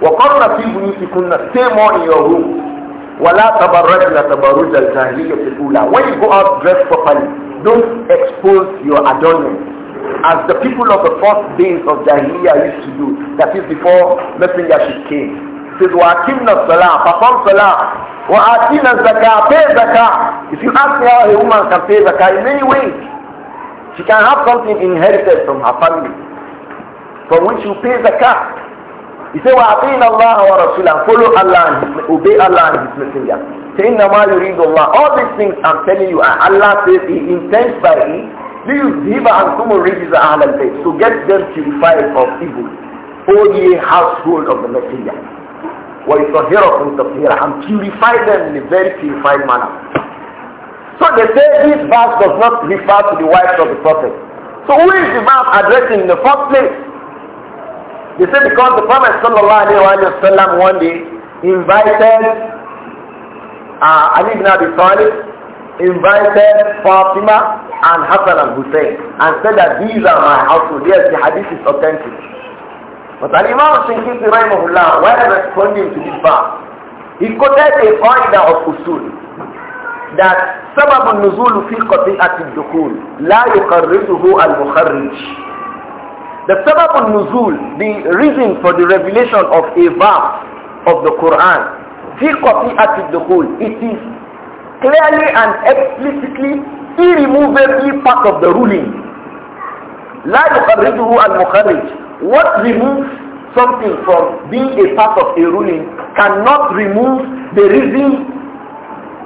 [SPEAKER 2] وَقَرْنَ فِي بُيُوتِكُنَّ Stay more in your room. وَلَا تَبَرَّجْنَ تَبَرُّجَ الْجَاهِلِيَّةِ الْأُولَى When you go out, dress properly don't expose your adornment as the people of the first days of Jahiliyyah used to do. That is before should came. It says, وَأَكِمْنَا الصَّلَاةَ Perform salah. وَأَتِينَا zakah, Pay zakah. If you ask me how a woman can pay zakah in many ways, she can have something inherited from her family, from which you pay zakah. He said, Allah wa Rasulah, Follow Allah and Obey Allah and His Messenger. فإنما يريد Allah. all these things I'm telling you Allah says He intends by it ليذهب عنكم الرجز أهل البيت to get them purified of evil O ye household of the Messiah ويطهركم تطهيرا and purify them in a very purified manner so they say this verse does not refer to the wives of the prophet so who is the verse addressing in the first place they say because the prophet sallallahu alaihi wasallam one day invited uh, Ali ibn Abi Talib invited Fatima and Hassan and Hussein and said that these are my household. Yes, the hadith is authentic. But Al-Imam Shinkiti Rahimahullah, while responding to this verse, he quoted a qaida of usul that سبب النزول في قطيعة الدخول لا يقرره المخرج The sabab nuzul the reason for the revelation of a verse of the Quran في the الدخول it is clearly and explicitly irremovably part of the ruling لا يخرجه المخرج what removes something from being a part of a ruling cannot remove the reason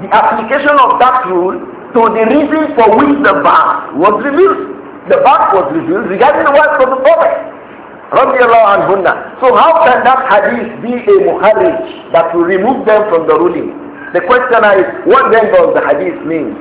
[SPEAKER 2] the application of that rule to the reason for which the ban was revealed the ban was revealed regarding the words of the prophet so how can that hadith be a muharrij that will remove them from the ruling? The question is, what then does the hadith mean?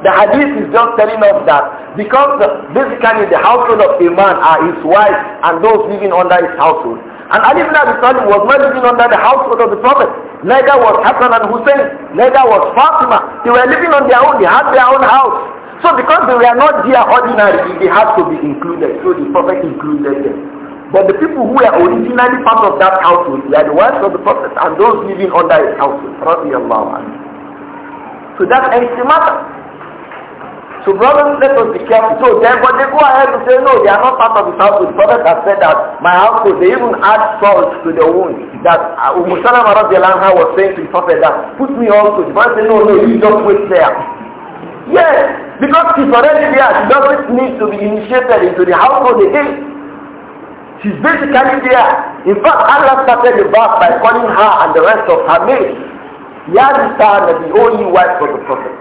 [SPEAKER 2] The hadith is just telling us that because the, basically the household of a man are his wife and those living under his household. And Ali ibn Abi Talib was not living under the household of the Prophet. Neither was Hassan and Hussein. Neither was Fatima. They were living on their own. They had their own house. So because they were not there ordinarily, they had to be included. So the Prophet included them. But the people who were originally part of that household they are the wives of the Prophet and those living under his household. So that ends the matter. So brothers, let us be careful. So then, but they go ahead to say, no, they are not part of his household. The Prophet has said that my household, they even add salt to the wound. That uh, Umm Salama was saying to the Prophet that, put me also. The Prophet said, no, no, you just wait there. Yes, because he's already there. He doesn't need to be initiated into the household again. She's basically there. In fact, Allah started the verse by calling her and the rest of her maids. Yadita the only wife of the Prophet.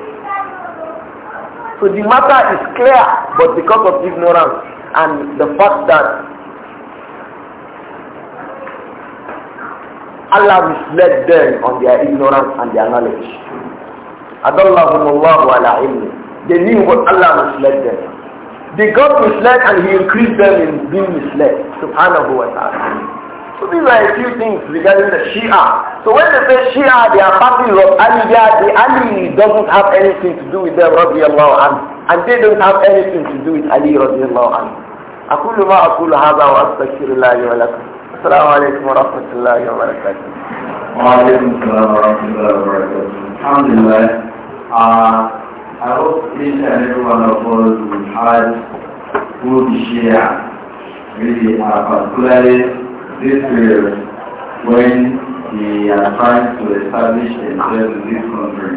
[SPEAKER 3] So the matter is clear, but because of ignorance
[SPEAKER 2] and the fact that Allah misled them on their ignorance and their knowledge. Allah wa ala ilmi. They knew what Allah misled them. They got misled and he increased them in being misled. Subhanahu wa ta'ala. So these are a few things regarding the Shia. So when they say Shia, they are parties of Aliyah. The Ali doesn't have anything to do with them, radiallahu And they don't have anything to do with Ali, radiallahu anhu. أقول ما أقول هذا وأستغفر الله لي ولكم السلام عليكم ورحمة الله وبركاته وعليكم السلام ورحمة الله
[SPEAKER 1] وبركاته الحمد لله I hope each and every one of us will have good share really uh, particularly this year when we are trying to establish a ourselves in this country.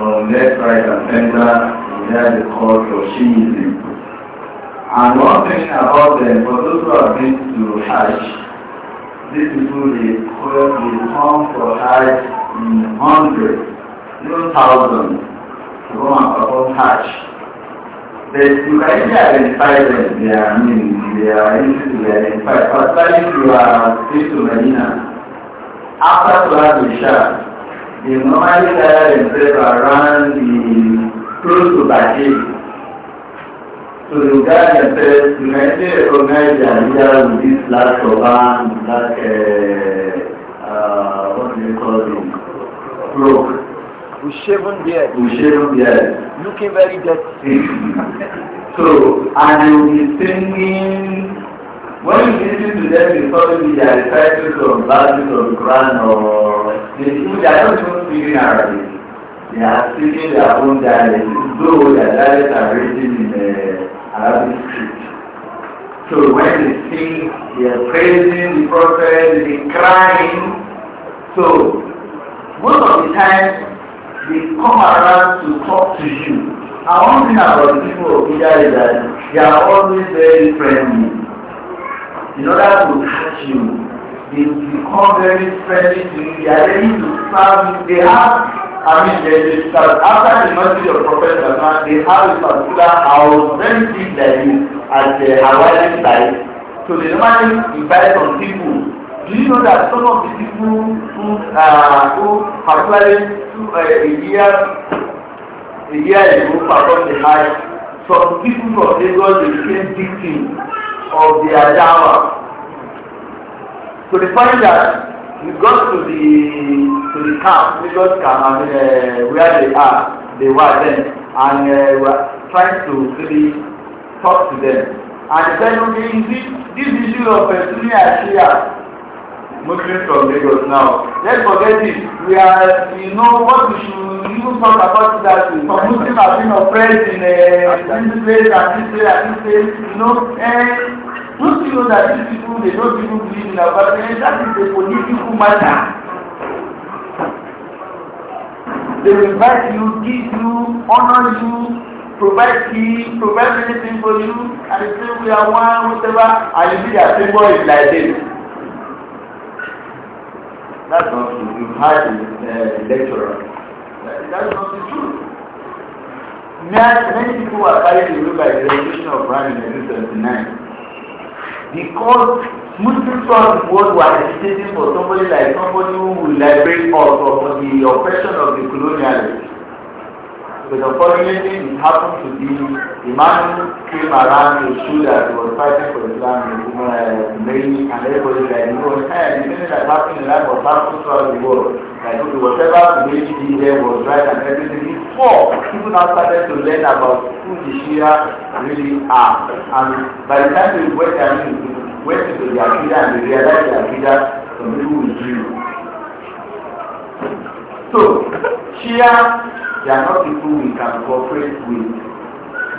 [SPEAKER 1] From left, right, and center, we have the call for Shiism. And one thing about them, for those who have been to Hajj, is people, they, they come for Hajj in hundreds, even thousands ṣùgbọ́n àpapọ̀ hajj But you can identify them, they are, I they are easy to identify, particularly if you are still to Medina. After have the Isha, they normally gather themselves around the close to Bajir. So they gather themselves, you can still recognize their leader with this last turban, black, uh, uh, what do you call it, cloak.
[SPEAKER 2] with shaven beard. With shaven beard. Looking very dirty.
[SPEAKER 1] so, and he will be singing. When you listen to them, you probably they are reciting from verses of the Quran or they, are not even speaking Arabic. They are speaking their own dialect, though their dialects are written in the uh, Arabic script. So when they sing, they are
[SPEAKER 2] praising the prophet, they are crying. So most of the time, they come around to talk to you. And one thing about the people of India is that they are always very friendly. In order to catch you, they become very friendly to you. They are ready to serve you. They have, I mean, they, they start, after the message of Prophet Muhammad, they have a particular house very big like this at the Hawaiian side. So they normally invite some people do you know that some of the people who uh, who particularly uh, a year a year ago performed the hajj some people from Lagos dey became victims of the Ajawa. so they find that we got to the to the camp Lagos camp and uh, where they are they were then and uh, we are trying to really talk to them and then we this, this issue of uh, Sunni and Muslims from Lagos now. Let's forget it. We are, you know, what we should even talk about that is some Muslims have been oppressed in uh, this place and this place and this place, you know. And don't you know that these people, they don't even believe in our government? That is a political matter. They will invite you, give you, honor you, provide key, provide anything for you, and they say we are one, whatever, and you see their symbol is like this. That's not true. You had a uh, lecturer. That, that's not the truth. Many people were carried away by the revolution of Iran in 1979 because Muslims throughout the world were hesitating for somebody like somebody who will liberate us from the oppression of the colonialists. But unfortunately, it happened to be the
[SPEAKER 1] man came around to show that he was fighting for Islam in uh, Mary, and
[SPEAKER 2] everybody like, no, hey, the thing that happened in life was happening throughout the world. Like, okay, whatever Mary did there was right and everything. Before, people now started to learn about who the Shia really are. And by the time they went, I mean, went into the Akida and they realized the Akida, some people will dream. So, Shia They are not people we can cooperate with.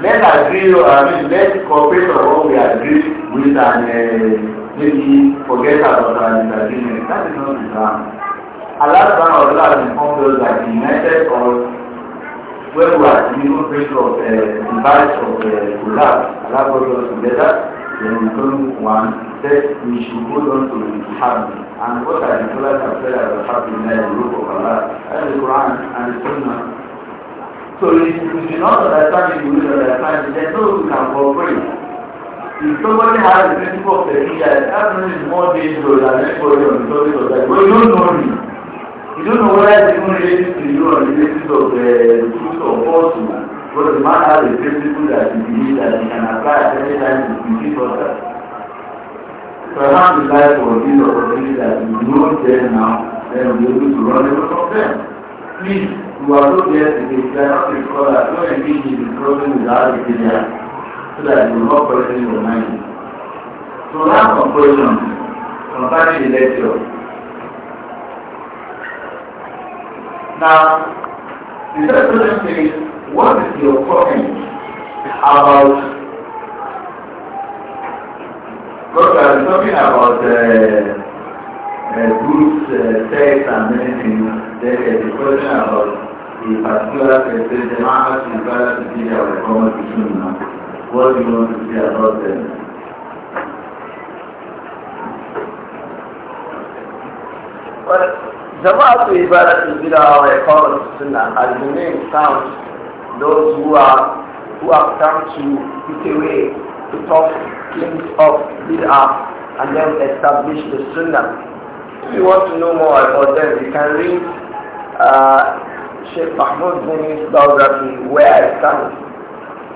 [SPEAKER 2] Let
[SPEAKER 1] us agree, I mean, let's cooperate on what we agree with and uh, maybe forget about our disagreement. That is not Islam. Allah subhanahu wa ta'ala informed us that He united us when we are in eh, the face of uh, the virus of uh, collapse. Allah brought us together in John 1 says we should go down to the habit. And what are the scholars have said about habit in the group of Allah? That is the Quran and the Sunnah. So if you do not understand you will understand. There's no you can cooperate. If somebody has the principle of the media, that person is more dangerous than anybody on the surface of that. Well, you don't know me. You don't know whether it's even related to you on the basis of the truth or falsehood. But the man has a principle that he believes that he can apply at any time to people, others. So I have to for these opportunities that you know them now, then we'll be able to run away from them please, you are so there to be cannot recall that no engage in the problem without the clear, so that you will not poison your mind. So now conclusion concerning the lecture. Now, the third question is, what is your comment about God has talking about uh, groups uh, text and many things, there is a question about the particular person, the man has to require to see our common between now. What do you want to say about them?
[SPEAKER 2] جماعة عبادة البدع As السنة name count those who are who have come to put away the tough things of bid'ah and then establish the sunnah if you want to know more about them, you can read uh, Sheikh Mahmoud Zini's biography, Where I Stand.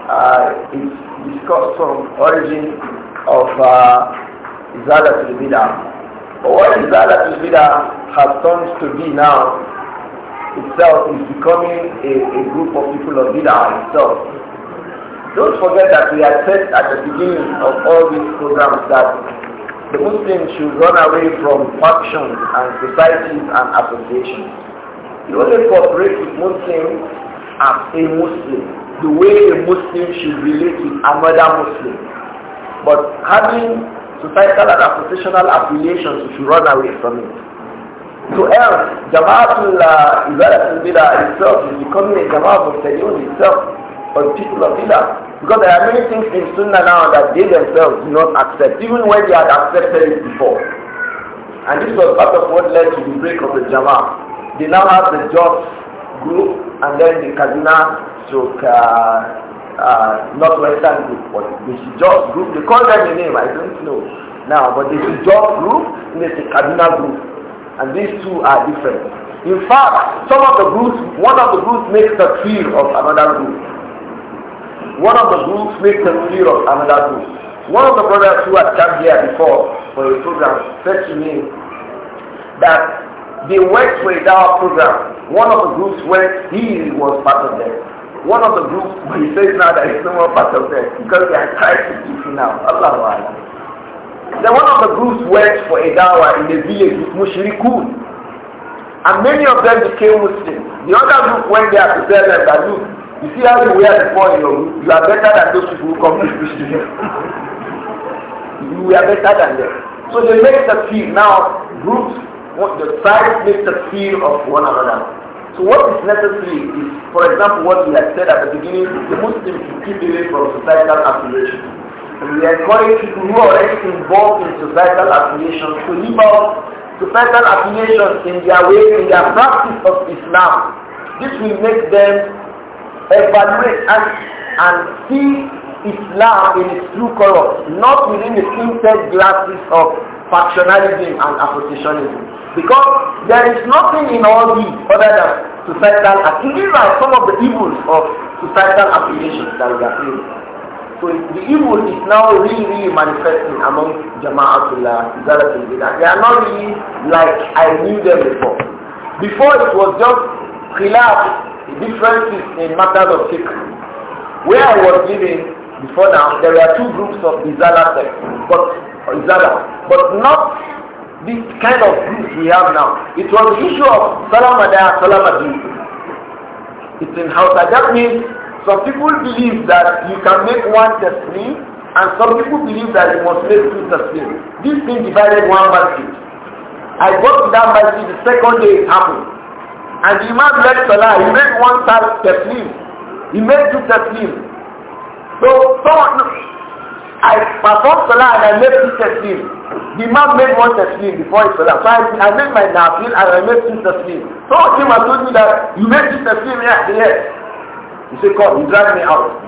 [SPEAKER 2] Uh, it discussed from origin of uh, Izalatul Bidah. But what Izalatul Bidah has turned to be now itself is becoming a, a group of people of Bidah itself. Don't forget that we had said at the beginning of all these programs that the Muslims should run away from factions and societies and associations. You only cooperate with Muslims as a Muslim, the way a Muslim should relate with another Muslim. But having societal and associational affiliations, you should run away from it. So else, Jamaatul Izalatul Bida itself is becoming a Jamaat of itself on people of Islam. Because there are many things in Sunnah now that they themselves do not accept, even when they had accepted it before. And this was part of what led to the break of the Jama'ah. They now have the Joss group and then the Kaduna Stroke uh, uh, Northwestern group. but the Joss group, they call them a name, I don't know now, but the Joss group and the Kaduna group. And these two are different. In fact, some of the groups, one of the groups makes the fear of another group. One of the groups made tafsir of another group. One of the brothers who had come here before for a program said to me that they went for our program. One of the groups went, he was part of them. One of the groups, but he says now that he's no more part of them because they are trying to keep him now. Allah Allah. Then one of the groups went for a dawah in the village with Mushrikun. And many of them became Muslims. The other group went there to tell them that look, you see how you were before you, you are better than those people who come to preach to you. You are better than them. So they make the feel now groups what the tribes make the feel of one another. So what is necessary is, for example, what we had said at the beginning, the Muslims should keep away from societal affiliation. And we encourage people who are already involved in societal affiliation to leave out societal affiliation in their way, in their practice of Islam. This will make them evaluate and, and see Islam in its true color, not within the tinted glasses of factionalism and oppositionism. Because there is nothing in all these other than societal activities, like some of the evils of societal applications that we are seeing. So the evil is now really, manifesting among Jama'atullah, Zalatul Bidah. They are not really like I knew them before. Before it was just khilaf, differences in matters of fiqh. Where I was living before now, there were two groups of Izala but, Izala, but not this kind of group we have now. It was the issue of Salamada, Salamadi. It's in house. That means some people believe that you can make one taslim and some people believe that you must make two taslim. This thing divided one masjid. I got to that masjid the second day it happened. And the Imam led Salah, he made one time Teflim. He made two Teflim. So someone, I performed Salah and I made two Teflim. The Imam made one Teflim before his Salah. So I, I made my Nafil and I made two Teflim. Someone came and told me that, you made two Teflim here, yes. He said, come, he dragged me out.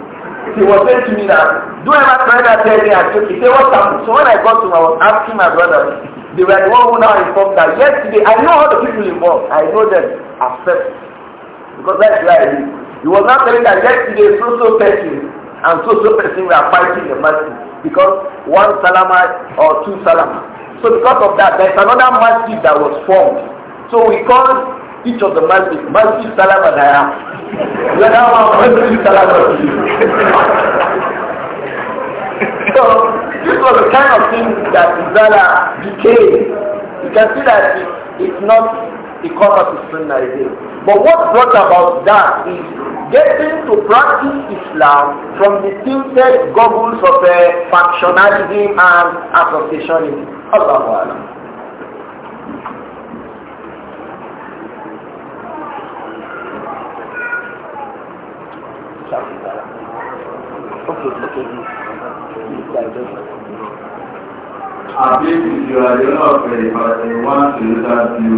[SPEAKER 2] He was saying to me that, do ever try that tell me? I said, he said, what happened? So when I got to him, I was asking my brother, they were the one who now informed that yesterday, I know all the people involved, I know them accept. Because that's where I live. You will not telling that yesterday so-so person and so-so person were fighting the masjid because one salama or two salama. So because of that, there's another masjid that was formed. So we call each of the masjid, masjid salama daya. The other masjid salama. so this was the kind of thing that Zala became. You can see that it, it's not because of the Sunnah again. But what brought about that is getting to practice Islam from the tinted goggles of uh, factionalism and associationism. Allah Alam.
[SPEAKER 1] Okay, okay, this, àbí ìjọ àyọ́lọ́pẹ̀ ìpàdé wọ́n ti ń dájú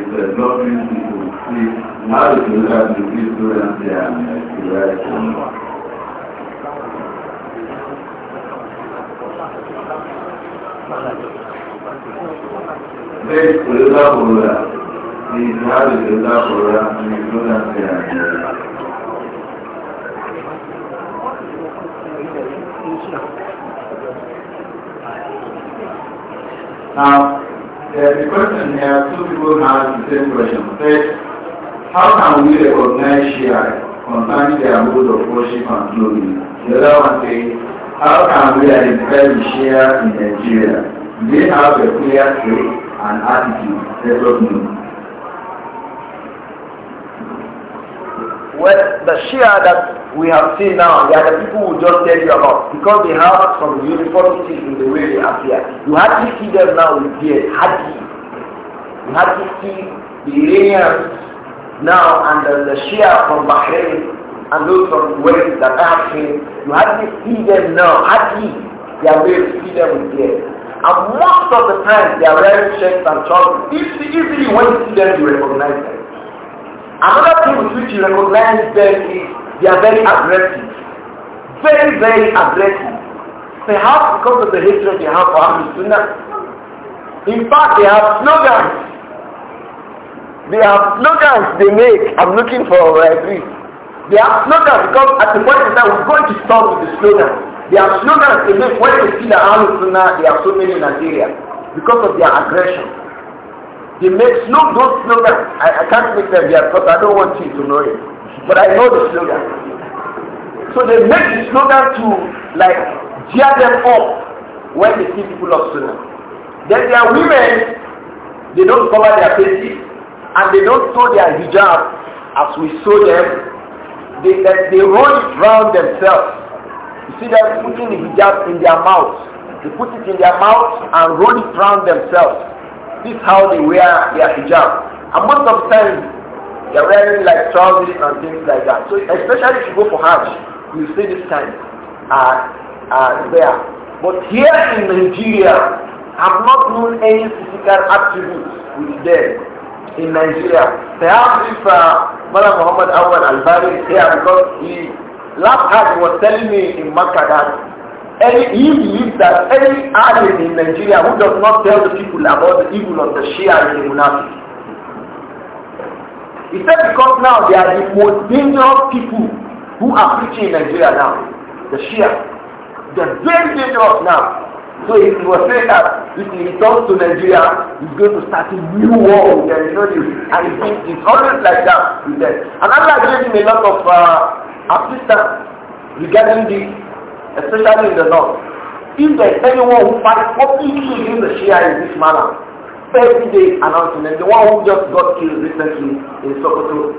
[SPEAKER 1] ìtẹ̀lọ́pìn ìlú sí láti tó dájú bí tó rẹ̀ ti àmì ìrẹ́ ìṣẹ́lẹ̀. Lẹ́yìn tó dábòrò ní ìdájú tó dábòrò ní Now, uh, the question here, two people have the same question. First, how can we recognize Shia concerning their mode of worship and clothing? The other one says, how can we identify the Shia in Nigeria? Do They have a clear faith and attitude. Let us know.
[SPEAKER 2] Well, the Shia that we have seen now, they are the people who just tell you about because they have some uniformity in the way they appear. You hardly see them now with beard, hardly. You hardly see the Iranians now and the, the Shia from Bahrain and those from Wales that I have seen. You hardly see them now, hardly. They are very to see them with beard. And most of the time they are wearing shirts and trousers. Easily, easily when you see them, you recognize them. Another thing with which you recognize them is they are very aggressive. Very, very aggressive. Perhaps because of the hatred they have for Ahlul Sunnah. In fact, they have slogans. They have slogans they make. I'm looking for a brief. They have slogans because at the point in time we're going to start with the slogans. They have slogans they make when they see the Ahlul Sunnah, they have so many in Nigeria because of their aggression. He makes no those slogan. I, I can't make them here because I don't want you to know it. But I know the slogan. So they make the slogan to like cheer them up when they see people of Sunnah. Then there are women, they don't cover their faces and they don't sew their hijab as we sew them. They, they, they roll it round themselves. You see them putting the hijab in their mouth. They put it in their mouth and roll it round themselves this how they wear their hijab. And most of the time, they're wearing like trousers and things like that. So especially if you go for Hajj, you see this kind uh, uh, there. But here in Nigeria, I've not known any physical attributes with them in Nigeria. Perhaps if uh, Mala Muhammad Awad Al-Bari is here because he last time he was telling me in Makkah that any, he believes that any alien in Nigeria who does not tell the people about the evil of the Shia is a monarchy. He said because now they are the most dangerous people who are preaching in Nigeria now. The Shia. They're very dangerous now. So he was saying that if he returns to Nigeria, he's going to start a new war with them, you know And it's, it's always like that with them. And Allah him a lot of uh, assistance regarding this especially in the north. If there is anyone who fights publicly in the Shia in this manner, every day announcement, the one who just got killed recently in Sokoto,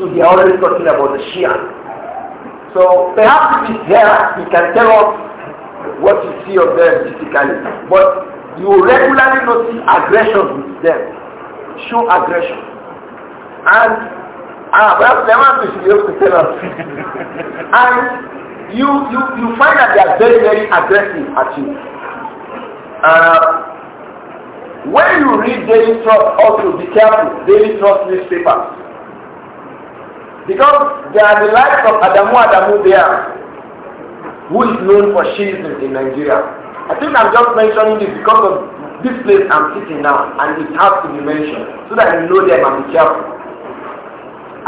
[SPEAKER 2] so they are already talking about the Shia. So perhaps if he's here, he can tell us what you see of them physically. But you regularly notice aggression with them. Show aggression. And Ah, well, they want to be able to tell us. and you, you, you find that they are very, very aggressive at you. Uh, when you read Daily Trust, also be careful, Daily Trust newspaper, Because there are the likes of Adamu Adamu there, who is known for shiism in Nigeria. I think I'm just mentioning this because of this place I'm sitting now, and it has to be mentioned so that you know them and be careful.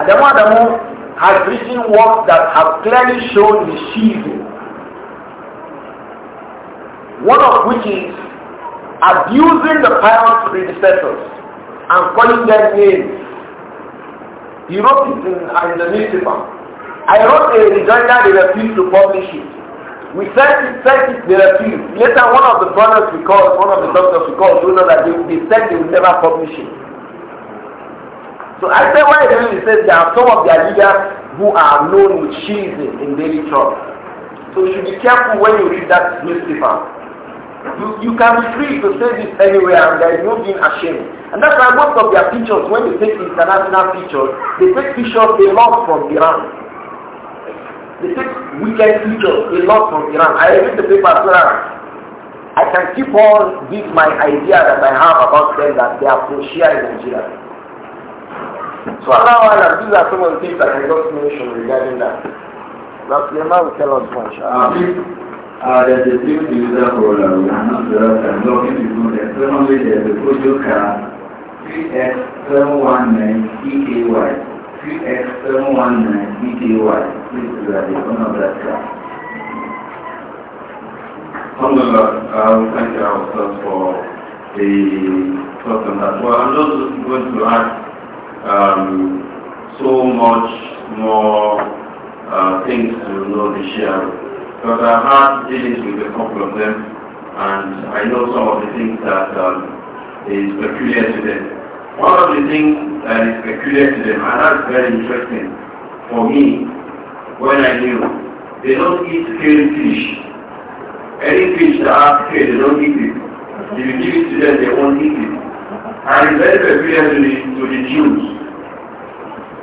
[SPEAKER 2] Adamu Adamu has written works that have clearly shown the evil. One of which is abusing the pious predecessors and calling them names. He wrote it in, uh, in the newspaper. I wrote a rejoinder, they refused to publish it. We sent it, sent it, they refused. Later, one of the brothers we called, one of the doctors we called, told us that they, they said they would never publish it. So I said, why do you say there are some of their leaders who are known with cheating in daily trouble. So you should be careful when you read that newspaper. You, you can be free to say this anywhere and there is no being ashamed. And that's why most of their pictures, when they take international pictures, they take pictures a lot from Iran. They take weekend pictures a lot from Iran. I read the paper as well. I can keep on this my idea that I have about them that they are pro-Shia in Nigeria. So allow Allah, these are some of the things that I just mentioned regarding that. That the man will tell us
[SPEAKER 1] much. Uh, uh, there's a few user problem. Uh, we are not sure uh, if I'm looking to do that. Secondly, there's a Kojo car, 3X719EKY. 3X719EKY. This is uh, the owner of that car. Alhamdulillah, um, thank you ourselves for the question that. Well, I'm just going to ask um, so much more uh, things to know this year. But I had dealings with a couple of them, and I know some of the things that um, is peculiar to them. One of the things that is peculiar to them, and that's very interesting for me, when I knew, they don't eat
[SPEAKER 2] scary fish. Any fish that has scale, they don't eat it. If you give it to them, they won't eat it. Are very peculiar to the, Jews.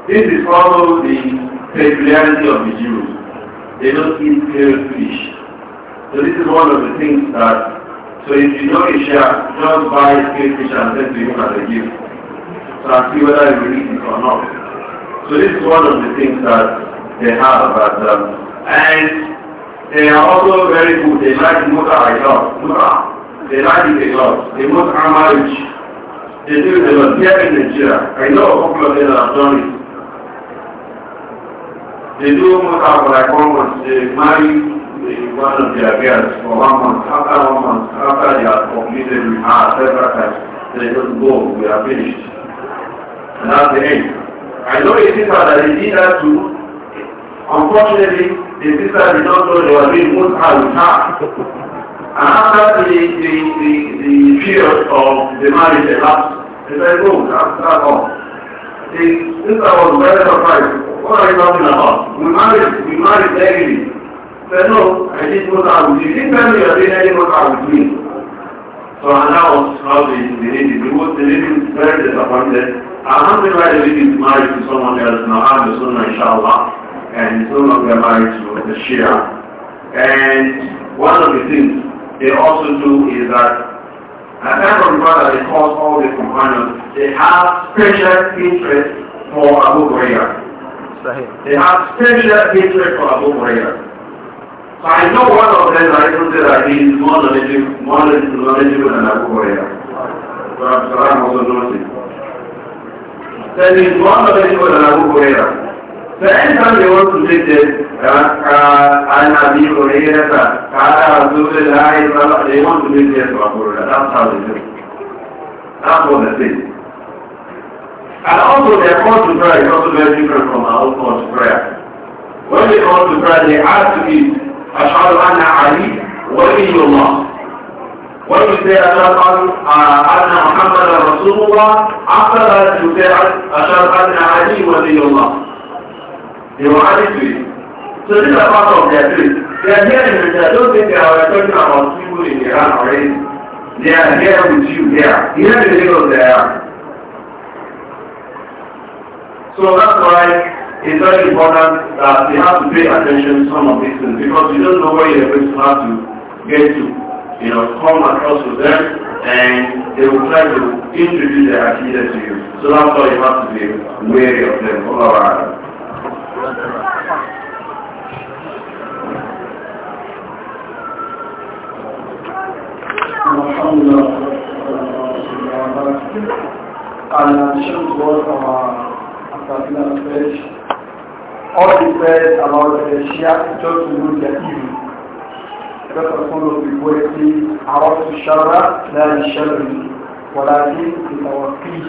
[SPEAKER 2] This is also the peculiarity of the Jews. They don't eat
[SPEAKER 1] pale fish. So this is one of the things that, so if you know Isha, just buy pale fish and send to him as a gift. So and see whether he will eat it or not. So this is one of the things that they have. Um, and they are also very good. They like Muta a lot. Muta. They like it a lot. They most amaranth. They do develop here in Nigeria. I know a couple of them that have done it. They do almost have like almost they marry one of their girls for one month, after one month, after they are completed with her
[SPEAKER 2] several times, they just go, we are finished. And that's the end. I know a sister that did that too. Unfortunately, the sister did not know they were doing most her after the, the, the, the period of the marriage elapsed, they said, no, oh, that's that, all. The sister was very surprised. What are you talking about? We married, we married legally. said, no, I didn't go out with you. didn't tell me you did not go out with me. So and that was how they, they did it. They were the living very disappointed. Alhamdulillah, the living is married
[SPEAKER 1] to someone else now. I'm the sunnah, inshallah. And it's no longer married to the Shia. And one of the things they also do is that
[SPEAKER 2] apart from the that they cause all the companions, they have special interest for Abu Hurairah. They have special hatred for Abu Hurairah. So I know one of them, I don't say that he is more knowledgeable, more knowledgeable than Abu Hurairah.
[SPEAKER 1] So Salam also knows it. Then he is more knowledgeable than Abu Hurairah. فإنهم يوصل جدا عن أبي هريرة قال رسول الله صلى الله عليه وسلم يقول لك أصحاب الجنة And also their call to prayer
[SPEAKER 2] is also very different from our own call to prayer. When they call to prayer, they ask to be أشهد أن علي ولي الله. When we say أشهد أن محمد رسول الله, after that you say أشهد أن علي ولي الله. They were added to it. So these are part of their faith. They are here in they Don't think they are talking about people in Iran already. They are here with you here. Here in of the are. So that's why it's very important that we have to pay attention to some of these things because
[SPEAKER 1] you don't know where you're going to have to get to. You know, come across with them and they will try to introduce their ideas to you. So that's why you have to be wary of them all around. الحمد and the short word our Asafina
[SPEAKER 2] Page. All he said about the Shia just to know their evil. Because Let us follow the poetry, عرفت الشر لا is ولكن لتوقيه.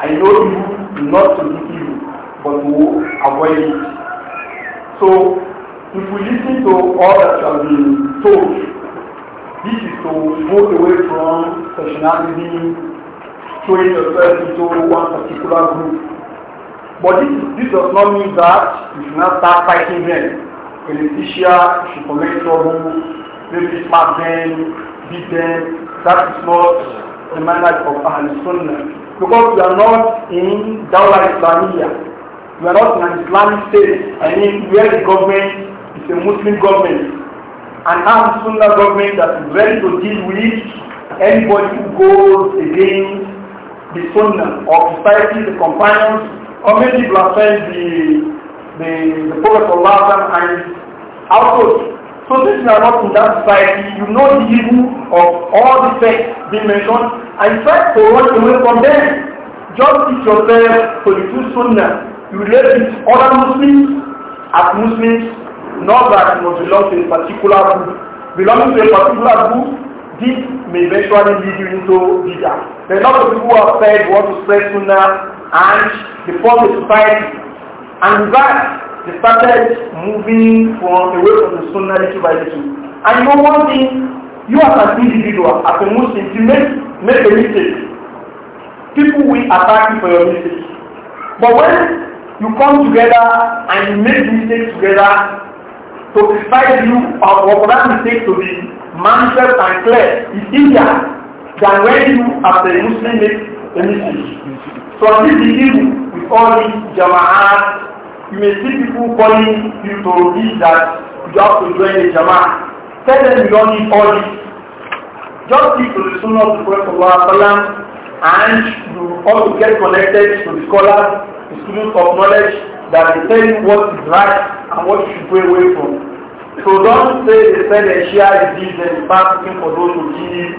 [SPEAKER 2] I know you not to do evil, but to avoid it. So, if we listen to all that has been told This is to move away from sectionality, showing yourself into one particular group. But this, this does not mean that you should not start fighting them. Politicians should collect trouble, maybe smack them, beat them. That is not the manner of Ahl Sunnah. Because we are not in Dawla Islamia, We are not in an Islamic state. I mean, where the government is a Muslim government an armed Sunnah government that is ready to deal with anybody who goes against the Sunnah or society, the companions, or maybe blaspheme the, the, the Prophet of Allah and his household. So since you are not in that society, you know the evil of all the sects being mentioned and try to run away from them. Just teach yourself to the true Sunnah. You relate with other Muslims as Muslims not that it must belong to a particular group. Belonging to a particular group, this may eventually lead you into bid'ah. There are a lot of people who are said want to spread sooner and they form a society. And that, they started moving from away from the sunnah little by little. And you know one thing, you as an individual, as a Muslim, you make, make a mistake. People will attack you for your mistake. But when you come together and you make mistakes together, to criticize you of what that mistake to be manifest and clear is easier than when you as a Muslim make a mistake. So this the evil with all these jama'at. You may see people calling you to read that you have to join a jama'at. Tell them you don't need all this. Just stick to the sunnah of the Prophet and you also get connected to the scholars, the students of knowledge, that they tell you what is right and what you should go away from. So don't say they said that share is this and start looking for those who it.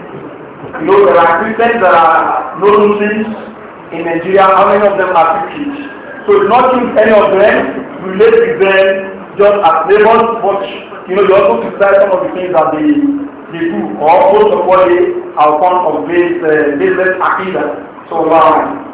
[SPEAKER 2] You know, there are Christians that are no Muslims in Nigeria. How many of them are Christians? So not if any of them relate with them just as neighbors, but you know, you also criticize some of the things that they, they do or most of what they are fond of this uh, baseless akida. So, wow. Um,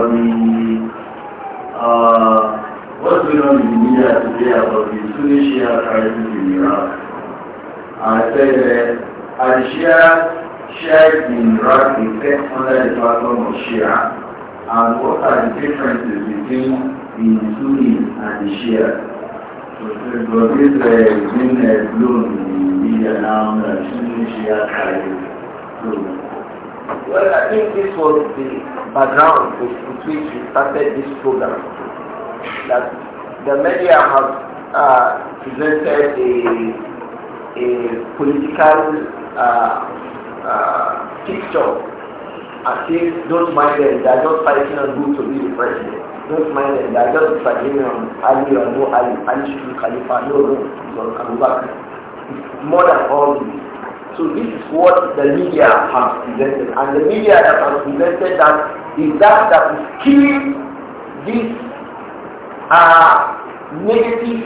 [SPEAKER 1] about the, uh, what's going on in the media today about the Sunni Shia crisis in Iraq. I said that uh, Shia, Shia in Iraq is except under the platform of Shia. And what are the differences between the Sunni and the Shia? So, this has uh, been uh, blown in the media now, the Sunni Shia
[SPEAKER 2] crisis. So, well, I think this was the background with, with which we started this program. That the media has uh, presented a, a political uh, uh, picture I think don't mind them, they are just fighting on who to be the president. Don't mind them, they are just fighting on Ali or no Ali, Ali should be Khalifa, no, no, Abu More than all so this is what the media has presented. And the media that has presented that is that that is killing this uh, negative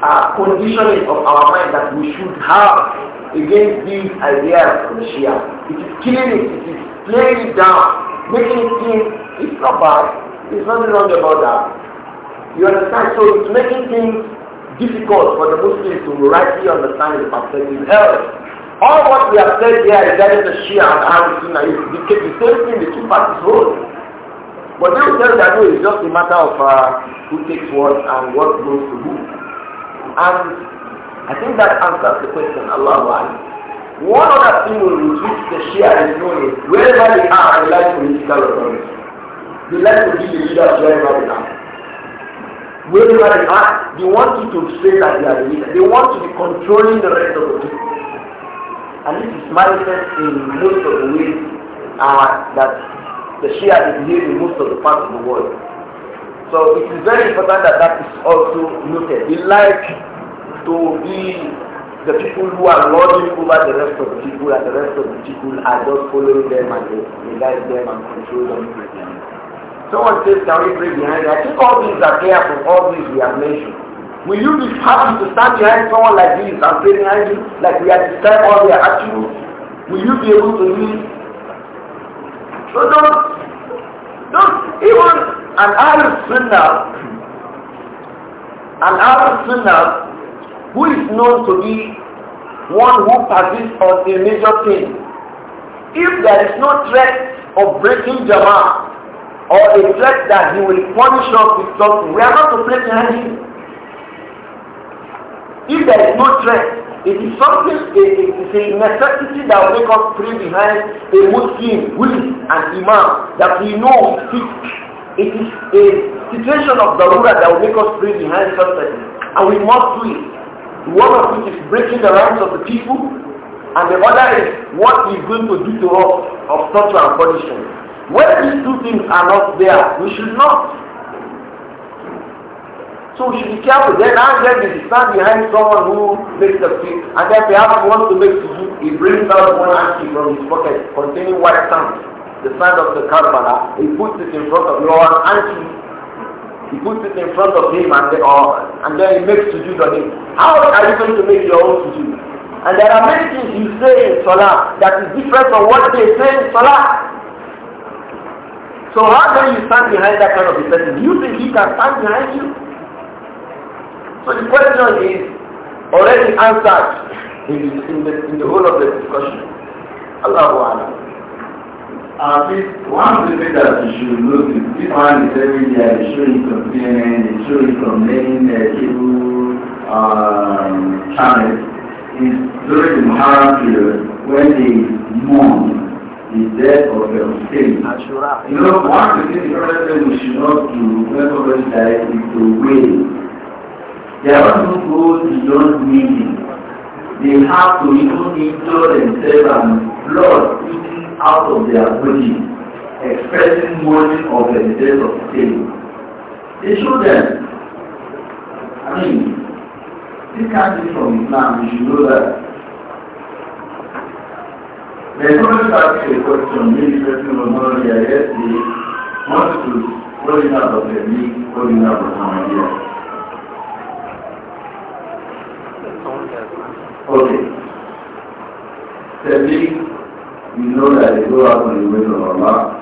[SPEAKER 2] uh, conditioning of our mind that we should have against these ideas of the Shia. It is killing it, it is playing it down, making it think it's not bad, there's nothing wrong about that. You understand? So it's making things difficult for the Muslims to rightly understand the perspective. Else, all what we have said here regarding the Shia and Ahlul Sunnah is the, the same thing the two parties hold. But they will tell that no, it's just a matter of uh, who takes what and what goes to who. And I think that answers the question, Allah Almighty. One other thing with which the Shia is known is wherever they are, they like political autonomy. They like to be the leader wherever they are. Wherever they are, they want you to say that they are the leader. They want to be controlling the rest of the people. And this is manifest in most of the ways uh, that the Shia is in most of the parts of the world. So it is very important that that is also noted. They like to be the people who are lording over the rest of the people and the rest of the people are just following them and they guide them and control them. Someone says, can we pray behind you? I think all these are clear from all these we have mentioned. Will you be happy to stand behind someone like this and pray behind you, like we have described all their attributes? Will you be able to do So don't, don't, even an Arab sinner, an Arab sinner who is known to be one who persists on a major thing, if there is no threat of breaking Jama'ah, or a threat that he will punish us with something. We are not to play anything. him. If there is no threat, it is something, it is a necessity that will make us pray behind a Muslim, will and Imam that we know is It is a situation of Darura that will make us pray behind something. And we must do it. One of which is breaking the rights of the people, and the other is what is going to do to us of such and punishment. When these two things are not there, we should not. So we should be careful. Then now then they stand behind someone who makes a fake and then perhaps wants to make sujood. He brings out one hanky from his pocket containing white sand, the sand of the Karbala. He puts it in front of your hanky he puts it in front of him and then, oh, uh, and then he makes sujood on him. How are you going to make your own sujood? And there are many things you say in Salah that is different from what they say in Salah. So how can you stand behind that kind of a person? Do you think he can stand behind you? So the question is already answered in, in, the, in the whole of the discussion. Allahu Akbar. Uh, one of the things that
[SPEAKER 1] you should look is this one is every year, they uh, from CNN, they show from many uh, cable um, channels. It's during the Muharram period when they mourn the death of your sin. You know, one thing the things that we should not do when somebody dies is to wait. There are people who go beyond meaning. They have to even injure themselves and blood eating out of their body, expressing mourning of the death of sin. They show them. I mean, this can't be from Islam, you should know that. The economic aspect question really question on one of the ideas is what to rolling out of the league, rolling out of some idea. Okay. The league, we know that they go out on the way of Allah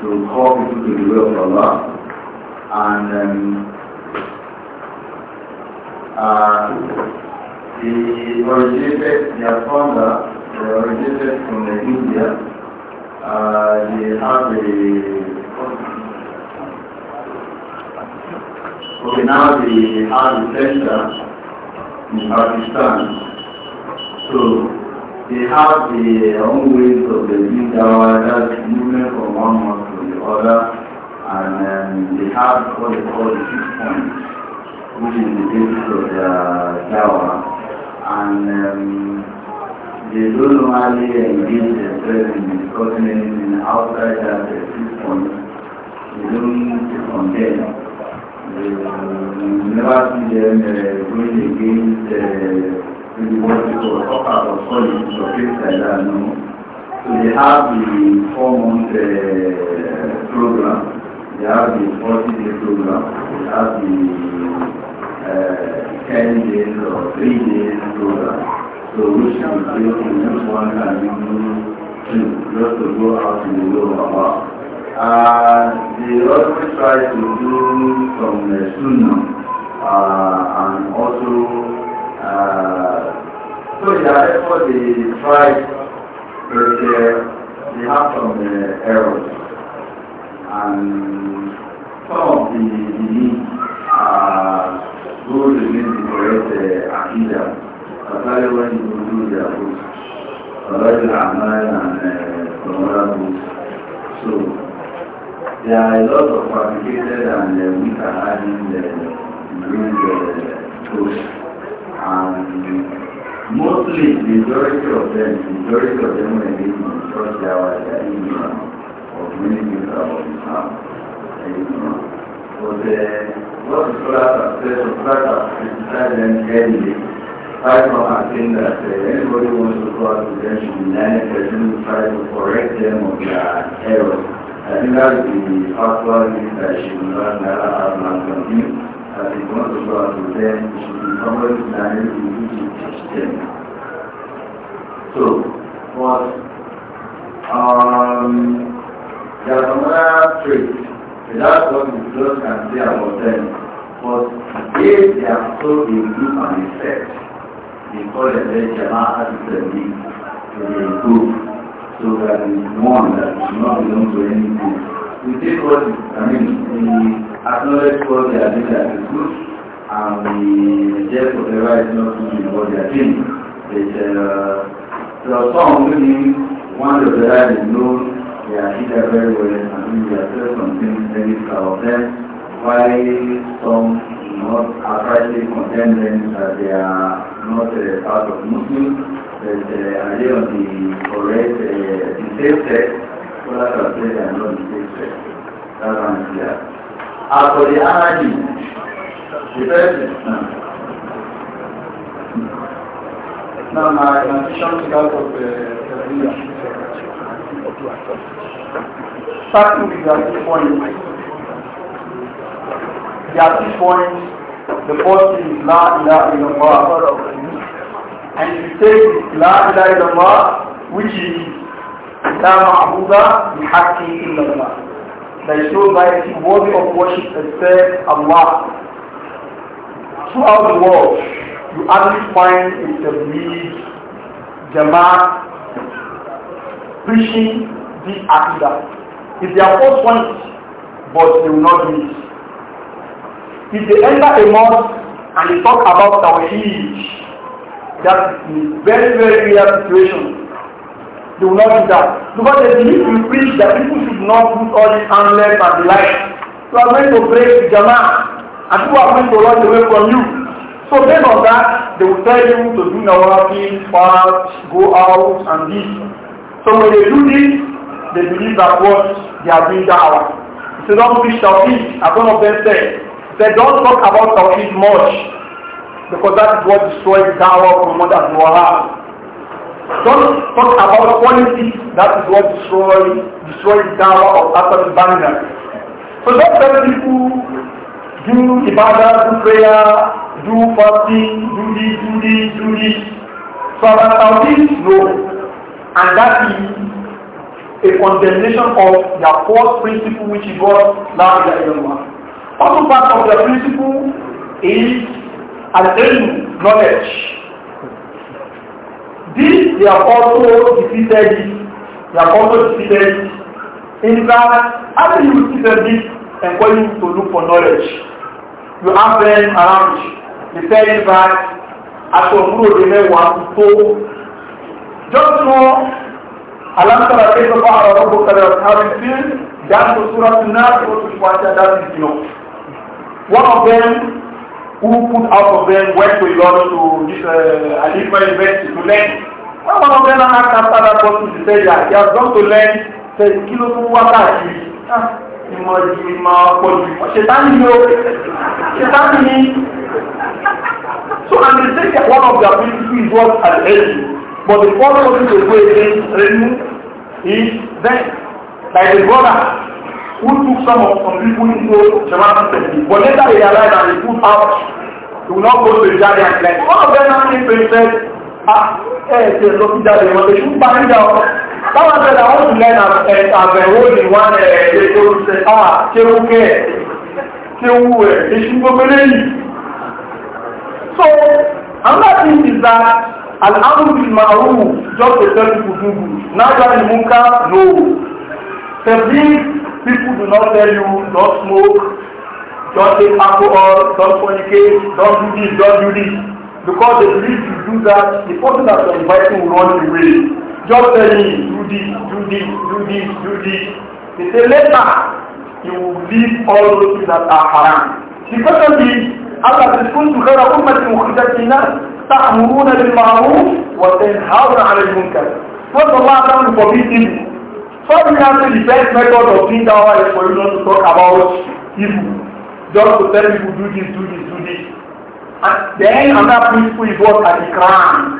[SPEAKER 1] to call people to the way of Allah and um, uh, the originated their founder originated from India. Uh, they have a okay now they have a center in Pakistan. So they have their own ways of the our that movement from one month to the other and um, they have what they call the six points which is the basis of the Java and um, they don't normally engage themselves in the outside that uh, They don't condemn. never see them going against people talk about politics or things like that, no. So they have the four-month uh, program. They have the 40-day program. They have the uh, 10 days or 3 days program. solution to this one can be just to go out in the world about. Uh, they also try to do some uh, sunnah uh, and also uh, so yeah, therefore they try but uh, they have some uh, errors and some of the, the needs uh, go against the correct uh, agenda. فقال وجه وجود يقول فرجل أعمال عن قمرات So, there are a lot of complicated, and uh, weak aligning the green posts. And mostly, the majority of them, the majority of them were made in church hours, they are ignorant of many things about Islam. Ignorant. But uh, what the first have said, the scholars have criticized try something that uh, anybody wants to call attention in any person try to correct them on their errors. I think that is the actual thing that should not allow us to continue. That if you want to call to them, it should be somebody that is to teach them. So, but um, there are some other traits. That's what the girls can say about them. But if they are so in deep and effect, l'école avait Jamaat Sadi, les groupes sur la demande, la demande de l'unité. We take what, I mean, we acknowledge what they are doing as a group and we just whatever is not doing what they are doing. But uh, there are some really, one of the guys is known, they are either very well and doing their self-contained things of them, while some not outrightly condemn that they are not uh, part of Muslims, but uh, are they on the correct, uh, the safe they are not the safe one clear. As for the anarchy, the first Now, my transition is out of uh, the Starting
[SPEAKER 2] with the point, there are two points. The first is La ilaha illallah. And if you take La ilaha illallah, which is La ma'buda bihaqqi illallah. There is no deity worthy of worship except Allah. Throughout the world, you only find a tabligh, jama'at, preaching the If they are first ones, but they will not do it. If they enter a mosque and they talk about Tawheed, that is very, very rare situation. They will not do that. Because they believe we preach that people should not put all these amulets and the like. You are going to break Jama'ah and people are going to run away from you. So based on that, they will tell you to do Nawafi, fast, go out and this. So when they do this, they believe that what they are doing that hour. If you don't preach Tawheed, as one of them said, They don't talk about Tawheed much because that is what destroys Dawah, Muhammad and Wahab. Don't talk about politics, that is what destroys destroys Dawah of Asad Banga. So don't tell people do ibadah, do prayer, do fasting, do this, do this, do this. So about this, no. And that is a condemnation of their false principle which is what La ilaha illallah. Also part of the principle is attaining knowledge. This they have also defeated it. They have also defeated In that, after you see them this and going to look for knowledge, you have them around you. They that as that aṣọ òmúrò lè mẹ́wàá ti tó. Just know alámsára pé sọ́kọ́ àwọn ọ̀rọ̀ bó kẹrẹ̀ ọ̀tá rẹ̀ sí dáàbò súra sí náà One of them who put out of them went to Ilorin to this uh, Alifa University to learn. When one of them asked after that person, he said that he has gone to learn, said, kí ló tún wá káàkiri? Ah, ìmọ̀ ìmọ̀ pọ̀jù. Ṣètánì ni o.
[SPEAKER 3] Ṣètánì ni. So and they say that one of
[SPEAKER 2] their principles is what has helped you. But the fourth way they go against is them. Like the brother who took some of some people into Jamaican technique. But later they realized that they put out to not go to the Jari and claim. One of them actually said, ah, eh, they lọ sí Jari, but they should find out. That one said, I want to learn as, as, eh, as a role in one, uh, they go to say, ah, Kéwú kẹ́ ẹ̀, Kéwú ẹ̀, èṣù gbogbo So, another thing is that an amru bil ma'ruf, just to tell people do good. that the munkar no. Tabligh People do not tell you, don't smoke, don't take alcohol, don't fornicate, don't do this, don't do this. Because they believe you do that, the person that you're inviting will run away. Just tell him, do this, do this, do this, do this. They say later, you will leave all those things that are haram. The question is, Allah says, كنت خير أمة مخرجة للناس تأمرون بالمعروف وتنهون عن المنكر. Not Allah doesn't forbid evil. What we have is the best method of doing dawah is for you not to talk about evil. Just to tell people do this, do this, do this. And then another principle is what at the crown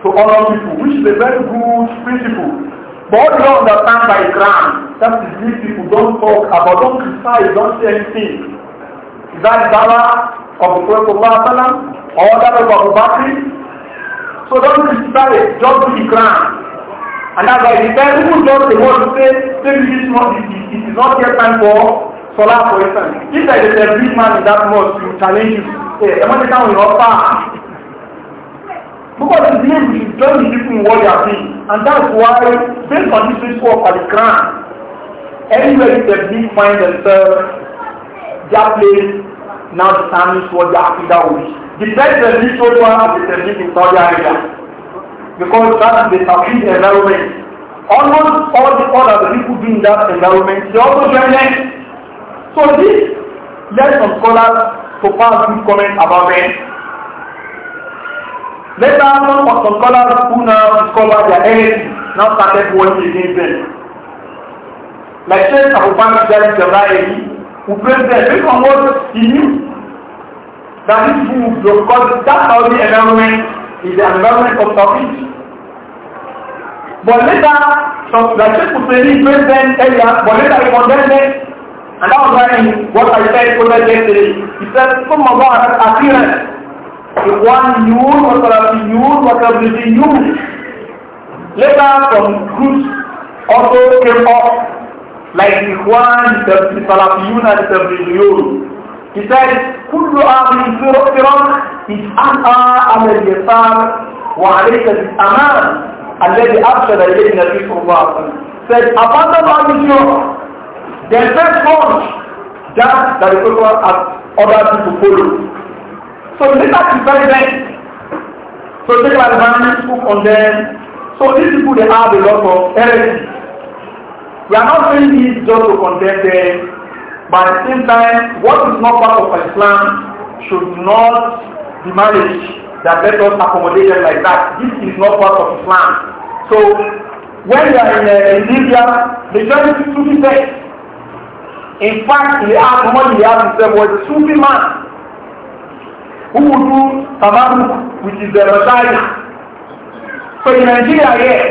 [SPEAKER 2] to honor people, which is a very good principle. But what you don't understand by crown, that is these people don't talk about, don't criticize, don't say anything. Is that the dawah of the Prophet or that of Abu Bakr? So don't criticize, just do the crown. And that's why the time people just the want say, maybe this month it, it, it is not yet time for solar for instance. If there is a big man in that mosque, he challenge you. Hey, the money down will not pass. Because in the end, we should join the people in what they are doing. And that's why, based on this principle of the quran anywhere the big find themselves, their place now determines what their Aqidah will be. The best that religious one is the religion in Saudi Arabia because that is the Tawheed environment. Almost all the other people doing that environment, they also join them. So this led some scholars to pass this comment about them. Later, some some scholars who now discover their heresy now started working against them. Like Sheikh Abu Bakr Jalil Jabrayeli, who praised them based on what he knew that this move because that's how the environment is the environment of Tawhid. But later, some like Sheikh Husseini praised them earlier, but later he condemned them. And that was why what I said over yesterday. He said, the one ثم ظهرت أخيرا إخوانيون وسلفيون وتبليغيون. Later, some groups also came up like the Ikhwan, the Salafiyun and the Tablighiyun. He said, كل أهل فرق is أنقى على اليسار وعليك بالأمان الذي أرشد إليه النبي صلى الله عليه وسلم. Said, abandon all the Europe. The first one that the people have ordered you to follow. So this is very bad. So take an environment book on them. So these people they have a lot of heresy. We are not saying this just to condemn them But at the same time, what is not part of Islam should not be managed that let us accommodate them like that. This is not part of Islam. So when they are in, uh, in Libya, they join the Sufi sect. In fact, he has money, he has himself was a Sufi man who would do tabarruk, which is the Rashaya. So in Nigeria here, yeah,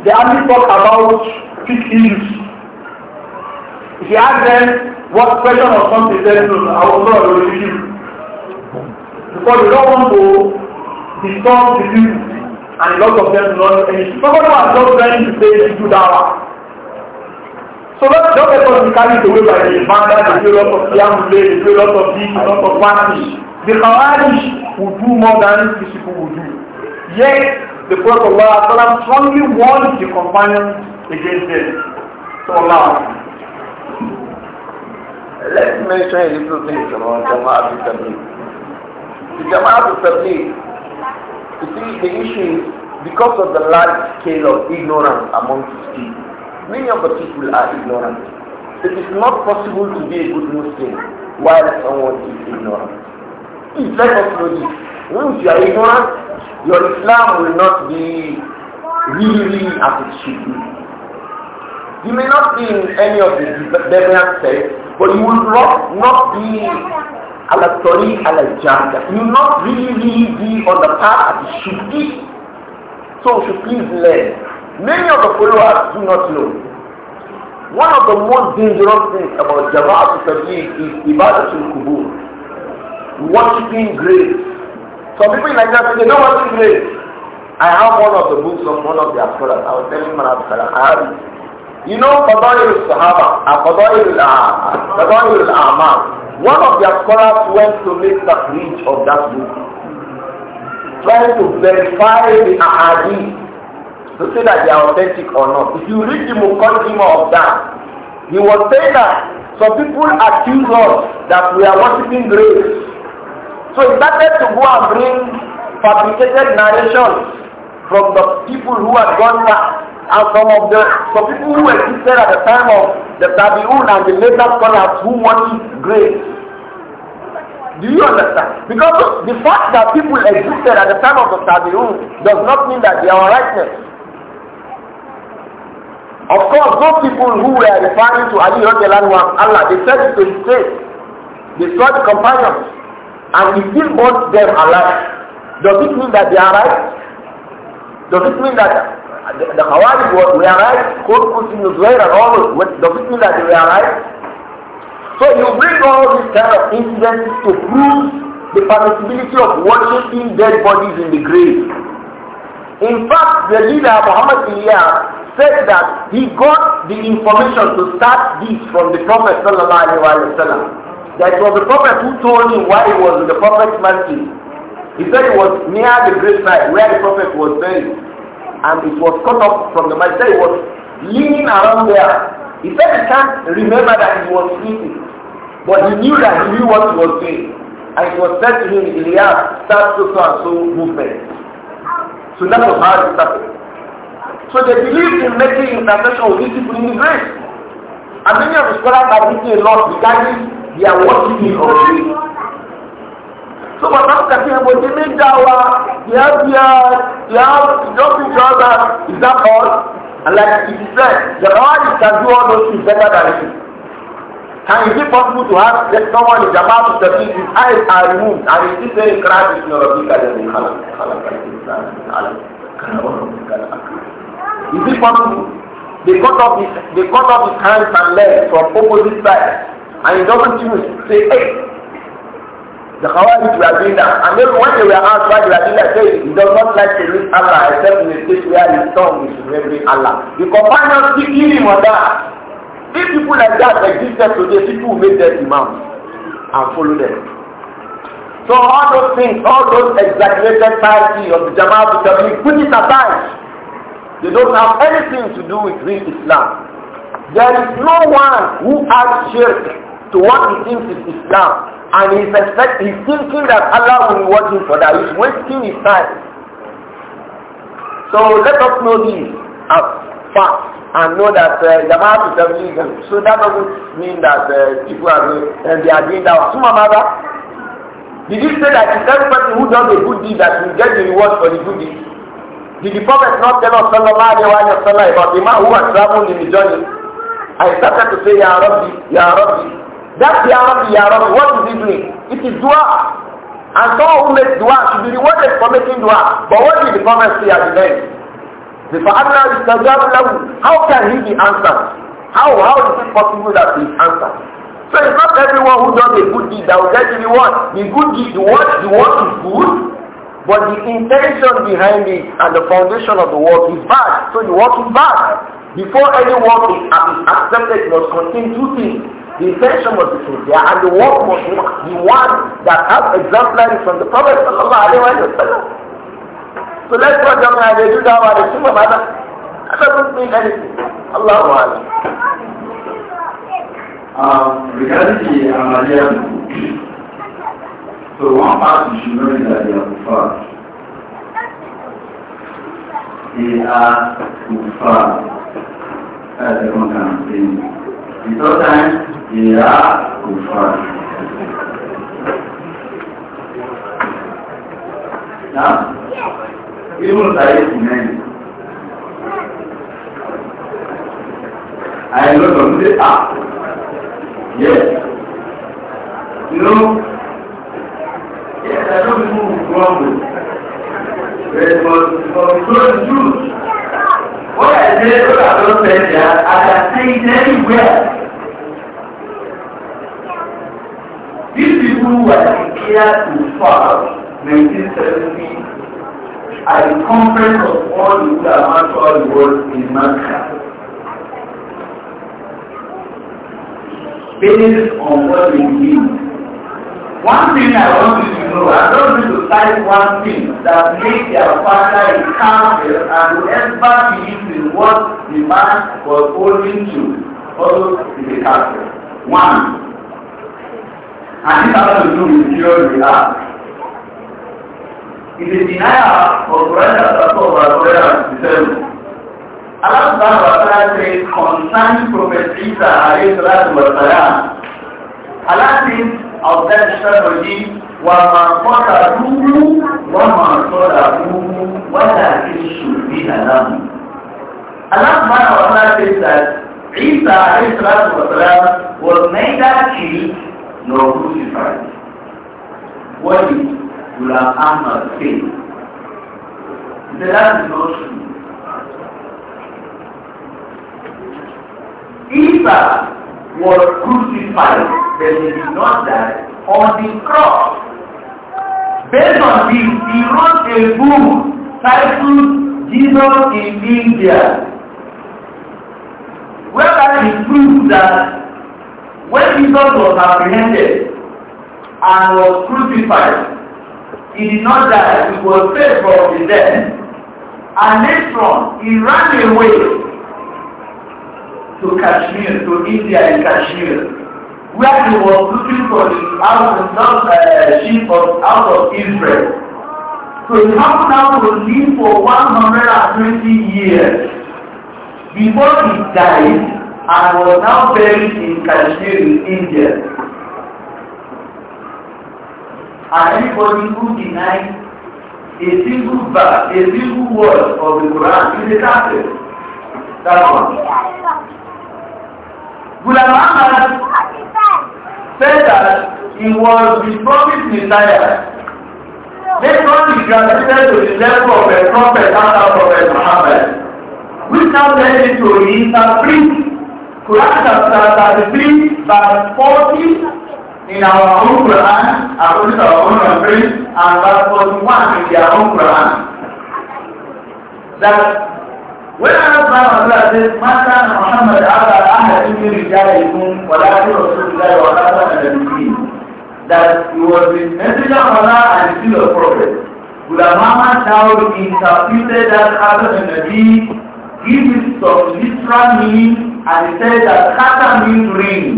[SPEAKER 2] they only talk about fake issues. If ask them, What question of something there is I will not religion. Because you don't want to disturb the people and a lot of them do not know anything. Somebody was just trying to say they do that one. So let, don't let us be carried away by the Manda, they do a lot of Yamule, they do a lot of this, a lot of Fanish. The Khawarij will do more than these people will do. Yet, the Prophet of Allah strongly warns the companions against them. So Allah. Let me mention a little thing about Jamaat al-Tabligh. The Jamaat al
[SPEAKER 3] you
[SPEAKER 2] see, the issue is because of the large scale of ignorance among the people. Many of the people are ignorant. It is not possible to be a good Muslim while someone is ignorant. It's like us Once you are ignorant, your Islam will not be really, really as it should be. You may not be in any of the deviant sects, but you will not, not be ala tori ala You will not really, really be on the path as it should be. So you should please learn. Many of the followers do not know. One of the most dangerous things about Jama'at Tabligh is Ibadatul Kubur. Worshipping graves. Some people in Nigeria say they don't worship graves. I have one of the books of one of their scholars. I was telling Manab Salam, I have it. You know Fadail al-Sahaba and Fadail uh, al One of their scholars went to make the reach of that book, trying to verify the ahadith to say that they are authentic or not. If you read the Mukaddimah of that, he was saying that some people accuse us that we are worshipping graves. So he started to go and bring fabricated narrations from the people who had gone back and some of the some people who existed at the time of the Tabi'un and the later scholars who wanted grace. Do you understand? Because the fact that people existed at the time of the Tabi'un does not mean that they are righteous. Of course, those people who were referring to Ali radiallahu anhu, Allah, they said it to his face. They saw the companions and he still wants them alive. Does it mean that they are right? Does it mean that the Khawarij were we are right, Qurb Muslim Nuzwair and all, with the people that we are right. So you bring all these kind of incidents to prove the possibility of worshiping dead bodies in the grave. In fact, the leader Muhammad Ilyas said that he got the information to start this from the Prophet Sallallahu Alaihi Wasallam. That was the Prophet who told him why he was in the Prophet's mansion. He said it was near the grave site where the Prophet was buried and it was cut off from the masjid. He was leaning around there. He said he can't remember that he was sleeping, but he knew that he knew what he was doing. And it was said to him, Elias, start so so and so movement. So that was how it started. So they believed in making intercession with these people in the grave. And many of the scholars have written a lot regarding their worshiping of Jesus saboda haka ce mutumin dawa ya biya ya jumping to other is that all and like he said the one can do all those things better than him possible to have someone in his eyes are removed and he still your is it possible cut off his cut off his hands and legs from opposite sides and he doesn't choose say hey the Khawarij were doing that. And then when they were asked why they were doing that, they he does not like to meet Allah except in a place where his tongue is remembering Allah. The companions kicking him on that. If people like that existed today, people would make them imams and follow them. So all those things, all those exaggerated piety of the Jamaat Tabligh, put it aside. They don't have anything to do with real Islam. There is no one who has shirk to what he thinks is Islam and he's, expect, he's thinking that Allah will reward him for that. He's wasting his time. So let us know this as facts and know that uh, Jamaat is everything. So that doesn't mean that uh, people are doing, uh, they are doing that. Summa mother, did you say that every person who does a good deed that will get the reward for the good deed? Did the Prophet not tell us sallallahu alayhi wa sallam about the man who was traveling in the journey? I started to say, Ya Rabbi, Ya Rabbi, that's the Rabbi, Ya what is he doing? It is dua. And someone who makes dua should be rewarded for making dua. But what did the Prophet say at the end? The فَأَنَّا How can he be answered? How, how is it possible that he is answered? So it's not everyone who does a good deed that will get the reward. The good deed, the work, the work is good, but the intention behind it and the foundation of the work is bad. So the work is bad. Before any work is accepted, it must contain two things. The intention was the truth there, and the work was the one that has exemplary from the Prophet So let's not jump and they do that while they sing about that. doesn't mean anything. Allahu Akbar.
[SPEAKER 1] Um, regarding the Ahmadiyya, uh, so one part you should know is that they are kuffar. They are kuffar. That's the one kind of thing. And sometimes ìyá kò fà. Ibùn Sáyé sì náà ni.
[SPEAKER 2] Àìlọ́dọ̀ ń dé
[SPEAKER 1] à. Yẹ. Nú. Yẹ ẹ̀rọ mi mú gbọ́ọ̀mù. Bẹ́ẹ̀ mọ̀ ọ̀dọ́ ìjú.
[SPEAKER 3] Wọ́n yà dé lọ́dọ̀ àtọ́sẹ̀ ẹ̀dá àtàtì anywhere.
[SPEAKER 2] These people who were declared to fall 1970 at the conference of all the Ulama throughout the world in America. Based on what they believe. One thing I want you to know, I don't want to cite one thing that made their father a camel and whoever believes in what the man was holding to, follows the castle. One, and this has to do with the pure rehab. It is denial of Quranic chapter of Al-Quran Allah subhanahu wa ta'ala says concerning Prophet Isa alayhi salatu wa salam, Allah says of that strategy, وَمَا قَتَلُوهُ وَمَا صَلَبُوهُ وَلَكِنْ شُبِّهَ لَهُ Allah subhanahu wa ta'ala says that Isa alayhi salatu wa salam was neither killed nor crucified. What if
[SPEAKER 1] Ghulam Ahmad failed? The last notion.
[SPEAKER 2] Isa was crucified, but he did not die on the cross. Based on this, he wrote a book titled Jesus in India, whereby he proved that When Jesus was apprehended and was crucified, he did not die. He was saved from the death. And later on, he ran away to Kashmir, to India in Kashmir, where he was looking for the out of uh, sheep of out of Israel. So he had now to live for 120 years. Before he died, and was now buried in Kashmir in India. And anybody who denies a single verse, a single word of the Quran is a kafir. That's all. Ghulam Muhammad said that he was the prophet Messiah. Later on, he graduated to the level of a prophet after Prophet Muhammad, which now led him to reinterpret Quran chapter 33 verse 40 in our own Quran, according to our own reference, and verse 41 in their own Quran. That when Allah subhanahu wa ta'ala says, مَا Muhammad مُحَمَّدْ عَبَى أَحَدٍ مِنْ رِجَالِكُمْ وَلَكِنْ رَسُولُ اللَّهِ وَخَاتَمَ النَّبِيِّينَ That he was the messenger of Allah and the seal of prophet. Ulama now interpreted that Hassan al-Nabi gives some literal meaning and he said that kata means ring.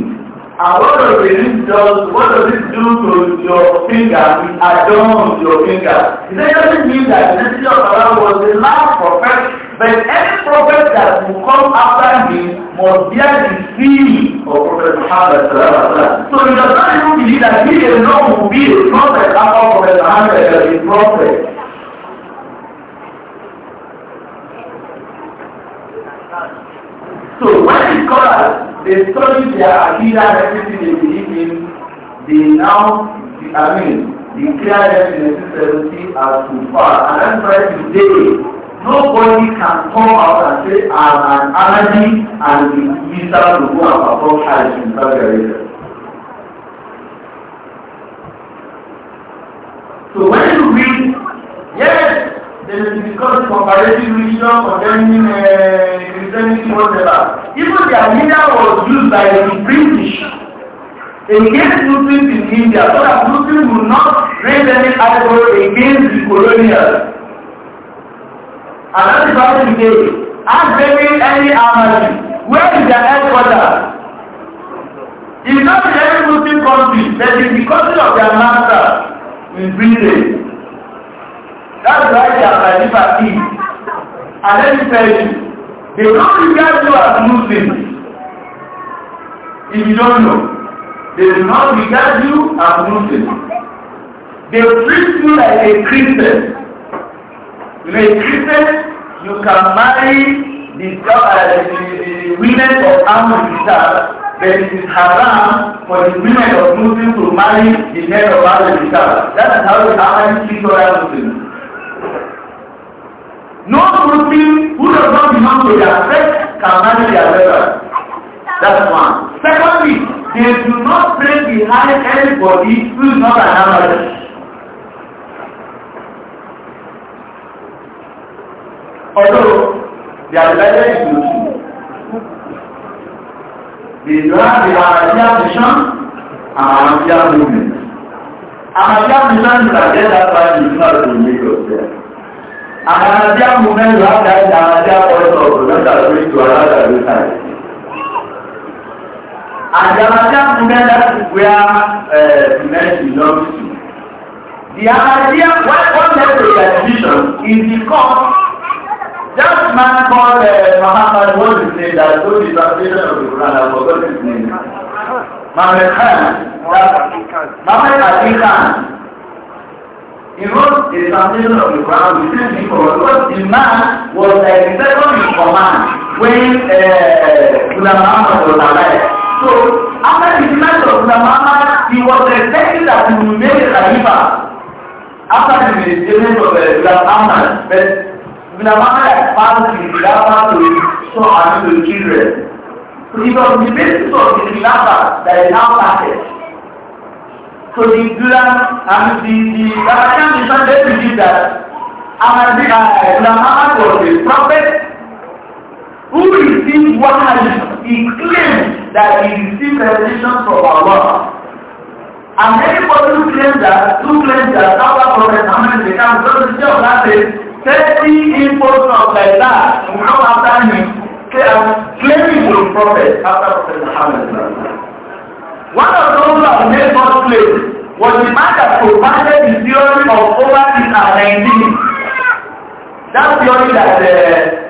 [SPEAKER 2] And what does the ring does, what does it do to your finger? It adorns your finger. It doesn't mean that the messenger of Allah was the last prophet, but any prophet that will come after him must bear the seal of Prophet Muhammad. So he does not even believe that he alone will be a prophet after Prophet Muhammad is a prophet.
[SPEAKER 3] they study
[SPEAKER 2] their agenda everything they believe in they now i mean declare them in necessity as to far and that's why today nobody can come out and say i'm an allergy and the visa to go and perform hajj in saudi arabia. so when you read yes there is because comparative religion condemning uh, Christianity, whatever. Even their leader was used by the British against Muslims in India so that Muslims would not raise any eyebrow against the colonials. And that is why today, say. Ask them any army. Where is their headquarters? It's not in every Muslim country, but it's because of their master in Britain. That's why they are my you, they don't regard you as Muslims. If you don't know, they do not regard you as Muslims. They treat you like a Christian. You know, a Christian, you can marry the, uh, the, the women of Amun then it is haram for the women of Muslim to marry the men of Ahlul Kitab. That is how the Ahmadis treat other Muslims. No Muslim who does not belong to their sect can marry their brother. That's one. Secondly, they do not pray behind anybody who is not an Arab. Although they are divided into They do have the Arabian mission and Arabian movement. Amajamu nan sajen apa di luar dunia kerja. Amajamu nan ada ada orang orang dari juara dari sana. Amajamu nan dari gua dunia Islam. The idea why what led the their division is because that man called uh, Muhammad was saying that those is the translation of the Quran. and forgot his name. Mohammed Khan. Mohammed Khan. He wrote the translation of the Quran with three he was the man was uh, the second in command when uh, Ghulam uh, Ahmad was alive. So after the demise of Ghulam he was expecting that he would make a Khalifa after the demise of uh, Ghulam But Ghulam had passed his Khalifa to his son and to his children. It was the basis of the Khilafah that is now started. So the Islam and the, the African Islam, they believe that uh, Ahmad uh, Muhammad was a prophet who received wahayi. He claimed that he received revelation from Allah. And anybody who claims that, who claims that after Prophet Muhammad became the Prophet of that day, 30 imports like that will come after him. Okay, I'm claiming to the Prophet after Prophet Muhammad. One of those who have made us claim was the man that provided the theory of over and 19. That theory that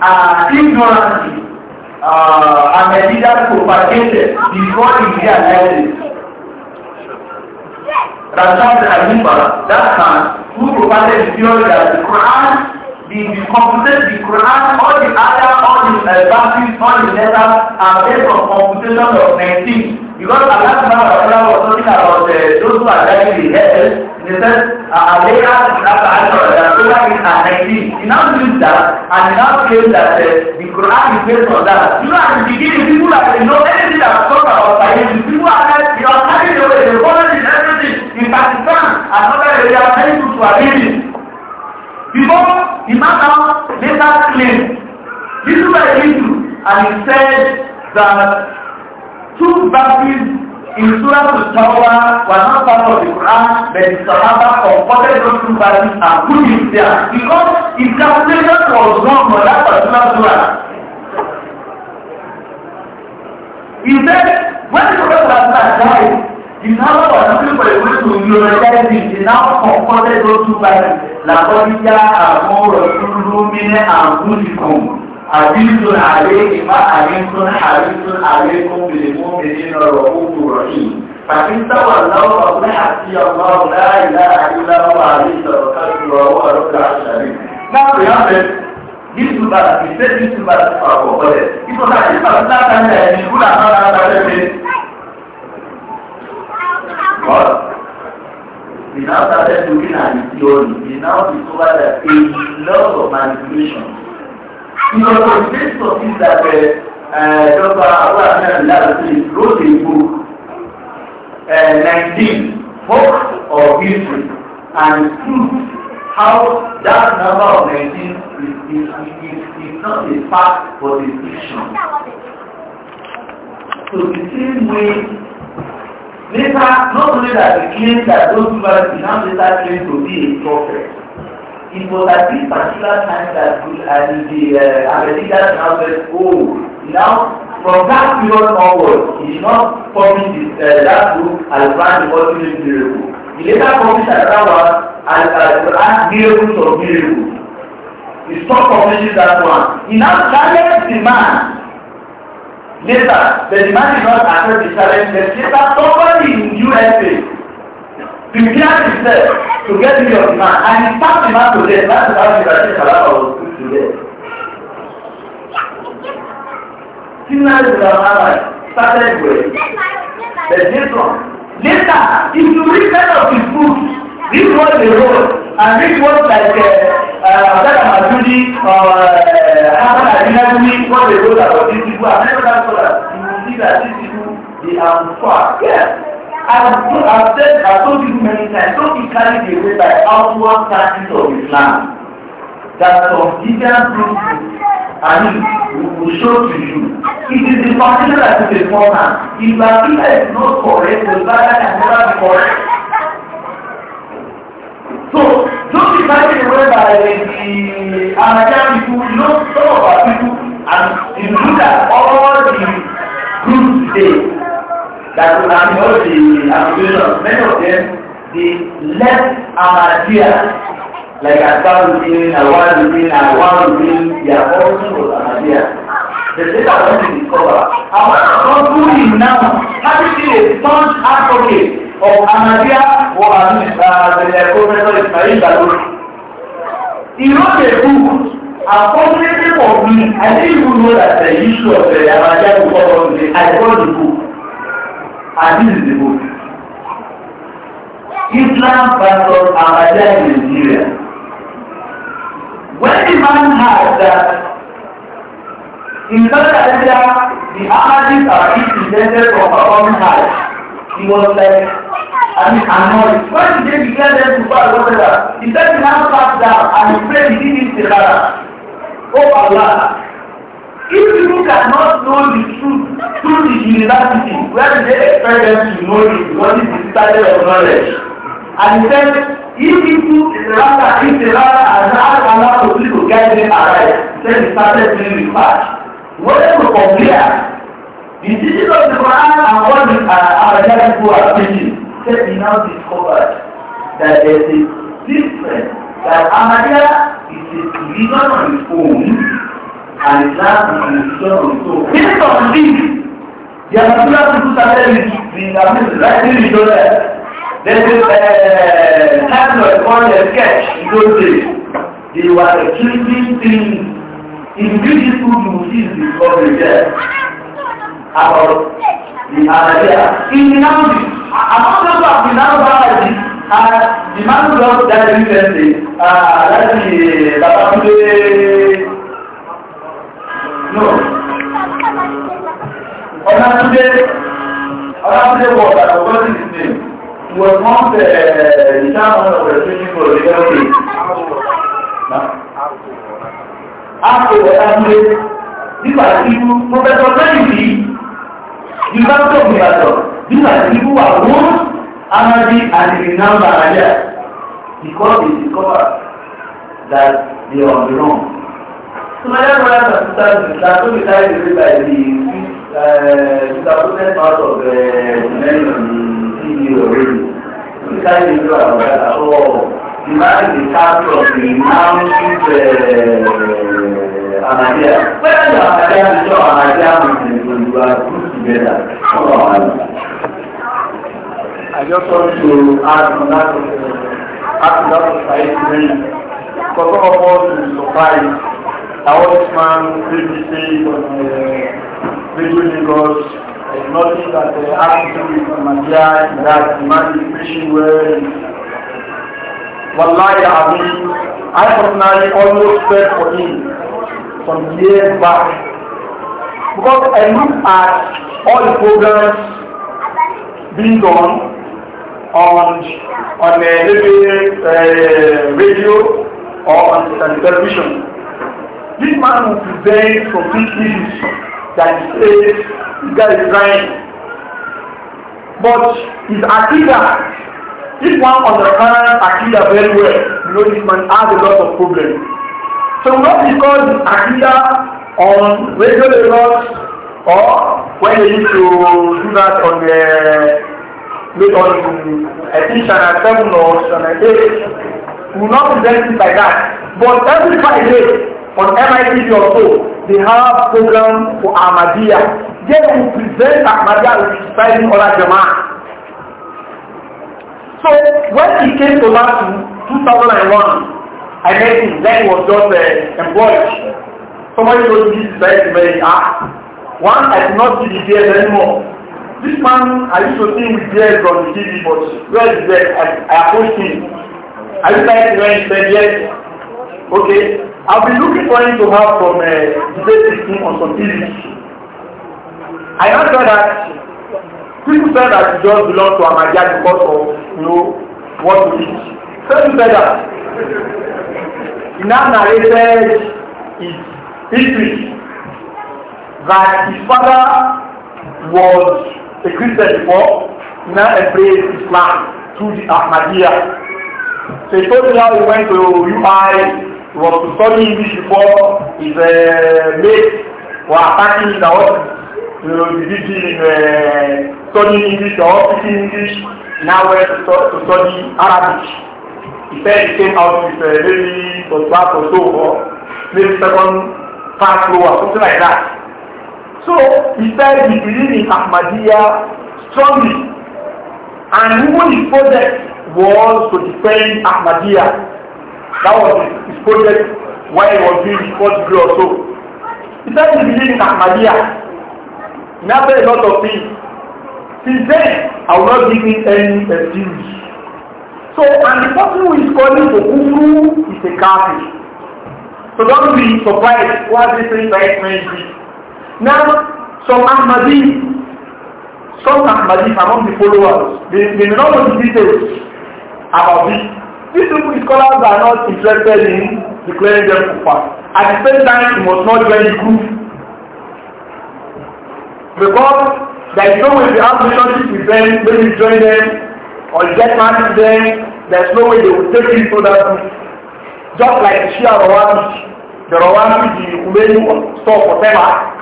[SPEAKER 2] uh, uh, ignorance uh, and religious propagated before the year realized Rashad Al-Nimba, that man who provided the theory that the Quran the computation, the Quran, all the other, all the uh, verses, all the letters are based on computation of nineteen. Because last subhanahu wa ta'ala was talking about uh, those who are dying in hell, and he said, Aliyah is after Ashura, the Surah is at 19. He now use that, and he now claims that uh, the Quran is based on that. You know, at the beginning, people that they know anything that talks about science, people are like, they are carrying away, they're following everything. In Pakistan, another area, many people are reading. Before the man now later claimed, what he did, and he said that two verses in Surah Al-Tawbah were not part of the Quran, but the Sahaba comported those two verses and put it there because his calculation was wrong on that particular Surah. He said, when the Prophet died, in our country for the way to globalize it is now comforted those two parties làkọ́bíyá àwọn ọ̀rọ̀dúró mílẹ̀ àbúrìkùn àbíntún àlẹ́ ìmá àbíntún àbíntún àlẹ́ kóbìlì mọ́bìlì lọ́rọ̀ òkú rọ̀yìn pàkíńtàwà láwọ̀ ọ̀gbẹ́ àti ọ̀gbà ọ̀gbà ìlà
[SPEAKER 1] àdúláwọ̀ àríṣọ̀rọ̀ kájúwọ̀ ọwọ́ ọ̀rọ̀ àṣàrí. náà pè á bẹ yíṣu
[SPEAKER 2] bàtà ìṣe yíṣu bàtà ìfọ̀kọ̀ ọ̀rẹ́ ìfọ̀kọ̀ àti ìfọ̀kọ̀ Because we now started looking at the theory, we now discover that a lot of manipulation. You know, the basis of this that uh, Dr. Abu Ahmed wrote a book, uh, 19, Folk of History, and proved how that number of 19 is, is, is, is not a fact but the fiction. So the same
[SPEAKER 3] way
[SPEAKER 2] Later, not only that we claim that those people now later claim to be a prophet, it was at this particular time that we, and the uh, Abedigas now said, oh, now from that period onwards, he did not publish his, uh, that book, Al-Quran, the Muslim Miracle. He later published another one, Al-Quran, uh, Miracles of Miracles. He stopped publishing that one. He now challenged the man Later, the demand is not accept the challenge. Then later, somebody in USA prepare himself to get rid of demand, and he pass demand to them. That's how Ibrahim Kalaba was put to death. Similarly, the Muhammad started with the
[SPEAKER 3] Jason. Later, if you read that of his books, This was the road, and this was like uh, uh, that Amadudi or uh,
[SPEAKER 2] Hasan Adinadumi was the role of these people. And every time you will see that this people, they are far. Yes. I've, I've said, I told you many times, don't be carried away by outward standards of Islam. That some Indian groups I mean, will show to you. It is the particular that is important. If Latina is not correct, the Bible can never be correct. So don't be fighting whereby the American people, you know, some of our people, and you look at all the groups today that will all the applications, many of them, they left Ahmadiyya like Asbab Hussein, Awad Hussein, Awad Hussein, they are all symbols of Ahmadiyya. The data went to discover. Awad is not doing now, having been a staunch advocate of Ahmadiyya was uh, the Professor Ismail Balouri. He wrote a book and fortunately for me, I didn't even know that the issue of the Ahmadiyya book was today. I bought the book. And this is the book. Islam versus Ahmadiyya in Nigeria. When the man had that in South Africa the Ahmadis are being presented from performing Hajj, he was like, And I mean annoyed. When did they declare them to God whatever? He said now pass down and pray. prayed he didn't say that. Oh Allah. If people cannot know the truth through the university, where did they expect them to know it? What is the standard of knowledge? And he said, if people is a rata, if the rata and ask Allah to please to guide them aright, he said he started doing research. Where to compare the teaching of the Quran and what the uh, Arabic people are teaching, said we now discovered that there's a difference that Ahmadiyya is a religion on its own and Islam is a religion on its own. Based on this, the Ahmadiyya people started the Ahmadiyya writing religion there. there's a uh, kind of a sketch in those days. They were accusing things in which people to see this discovery there about Immunity.
[SPEAKER 3] Among those of immunology, uh, immunology that
[SPEAKER 2] recently, láti Babakúndé, no, Ọlátúndé, Ọlátúndé wọ ọ̀dàdọ̀ wọ́n ti sè, wọ́n wọ́n fẹ̀ ìdáhùn ọ̀rẹ́ tó ní kò lè lọ́kè.
[SPEAKER 3] Àpò Ọlátúndé,
[SPEAKER 2] nígbà tí Pọ́fẹ́sọ̀ Bẹ́yìn yìí, ìbátọ̀ ìbátọ̀ nígbà tí wú àwọn amadi and the number because they discover that they are the wrong. Somalian brothers and sisters in Islam don be carried away by the superpotent part of
[SPEAKER 1] men on the TV or radio. Don be carried away by the fact that oh the man is the captain of the now Ahmadiyya. Whether the Ahmadiyya is your Ahmadiyya Muslim, you are good together. All of us.
[SPEAKER 2] I just want to add on that, add to that society for some of us to surprise how this man previously on the uh, radio Lagos is that uh, has to do that man is preaching well Wallahi Abid, I personally almost prayed for him From years back. Because I look at all the programs being done on on uh, a uh, radio or on uh, television. This man will present complete issues that he says this guy is lying. But his akida, this one understands akida very well, you know this man has a lot of problems. So not because Akita on radio levels or when they used to do that on the late on I think channel seven or channel eight will not present it like that. But every Friday on MITV or so, they have program for Ahmadiyya. They will present Ahmadiyya with inspiring other jama. So when he came to that 2001, I met him then he was just uh, employed. Somebody told me this very very ah. One, I did not see the beard anymore. This man, I used to see with beard on the TV, but where is beard? I, I approached him. I looked like him and he said, yes. Okay, I've been looking for him to have from uh, debate system on some TV. I answer that people said that he just belonged to Ahmadiyya because of, you know, what he is. Tell me said that.
[SPEAKER 3] He now narrated
[SPEAKER 2] his history that his father was a Christian before, he now embraced Islam through the Ahmadiyya. So he told me how he went to UI, He was to study English before his uh, mate were attacking him that what you know, he did in uh, studying English or speaking English, now went to, to study Arabic then came out with uh, maybe was back or so or maybe second fast row something like that. So he said he believed in Ahmadiyya strongly and even his project was to defend Ahmadiyya. That was his, project while he was doing his first degree or so. He said he believed in Ahmadiyya. He now a lot of things. Since then, I will not give him any excuse. So, and the person who is calling for Ufu is a kafir. So don't be surprised what this indictment is. Now, some Ahmadis, some Ahmadis among the followers, they, they may not know the details about this. These people, scholars are not interested in declaring them kufar. At the same time, you must not join the group. Because there is no way the to with them, maybe join them or get married then, there's no way they will take him to that beach. Just like the Shia Rawan beach, the Rawan beach the Umeni store for Tema.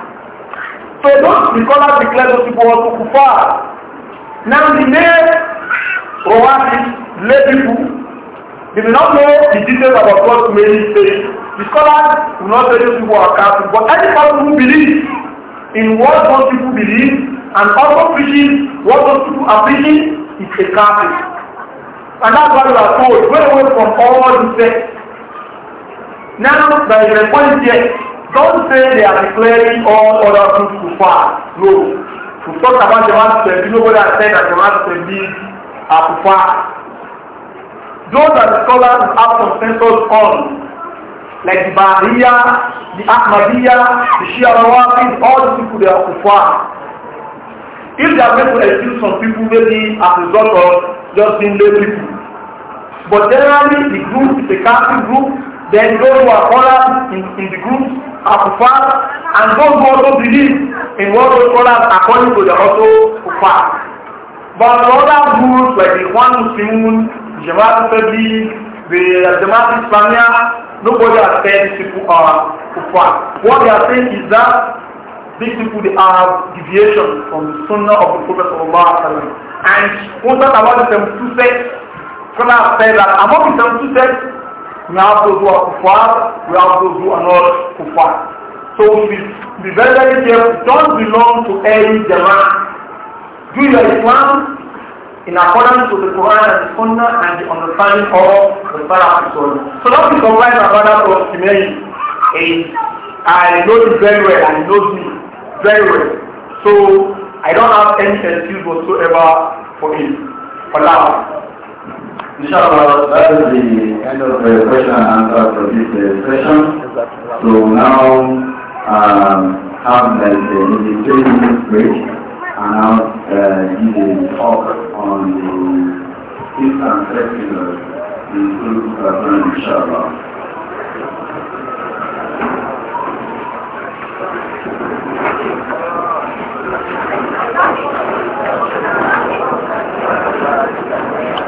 [SPEAKER 2] So those scholars declare those people were far. Now the name Rawan beach, lay people, they may not know the details about what Umeni say. The scholars will not tell those people are Catholic, but any person who believes in what those people believe and also preaches what those people are preaching is a kafir. And that's why we are told, go away from all the sects. Now, there is a point here. Don't say they are declaring all other groups to far. No. To talk about the one to nobody has said that the one to are to far. Those are the scholars who have consensus on, like the Bahriya, the Ahmadiyya, the Shia Rawafid, all the people they are to far if they are going to excuse some people maybe as a result of just being lay people but generally the group is a capital group then those who are scholars in, in the group are kufar and those who also believe in what those are calling to the also kufar but the other groups like the one muslimun jamaat tabligh the jamaat islamiyah nobody has said these people are kufar what they are saying is that These people they have deviation from the sunnah of the Prophet And what that about the 72 sects, scholars say that among the 72 sects, we have those who are kuffar, we have those who are not kuffar. So we be very, very careful. Don't belong to any jamaah. Do your Islam in accordance to the Quran and the Sunnah and the understanding of the Salaf So don't be surprised about that of Simei. I know you very well and he knows me. very well. So I don't have any excuse whatsoever for him For now. Inshallah, that is the end of the question and answer for this uh, session. So now
[SPEAKER 1] um, have like uh, the, the three minutes break and now uh, give a talk on the fifth and third pillar in Surah inshallah.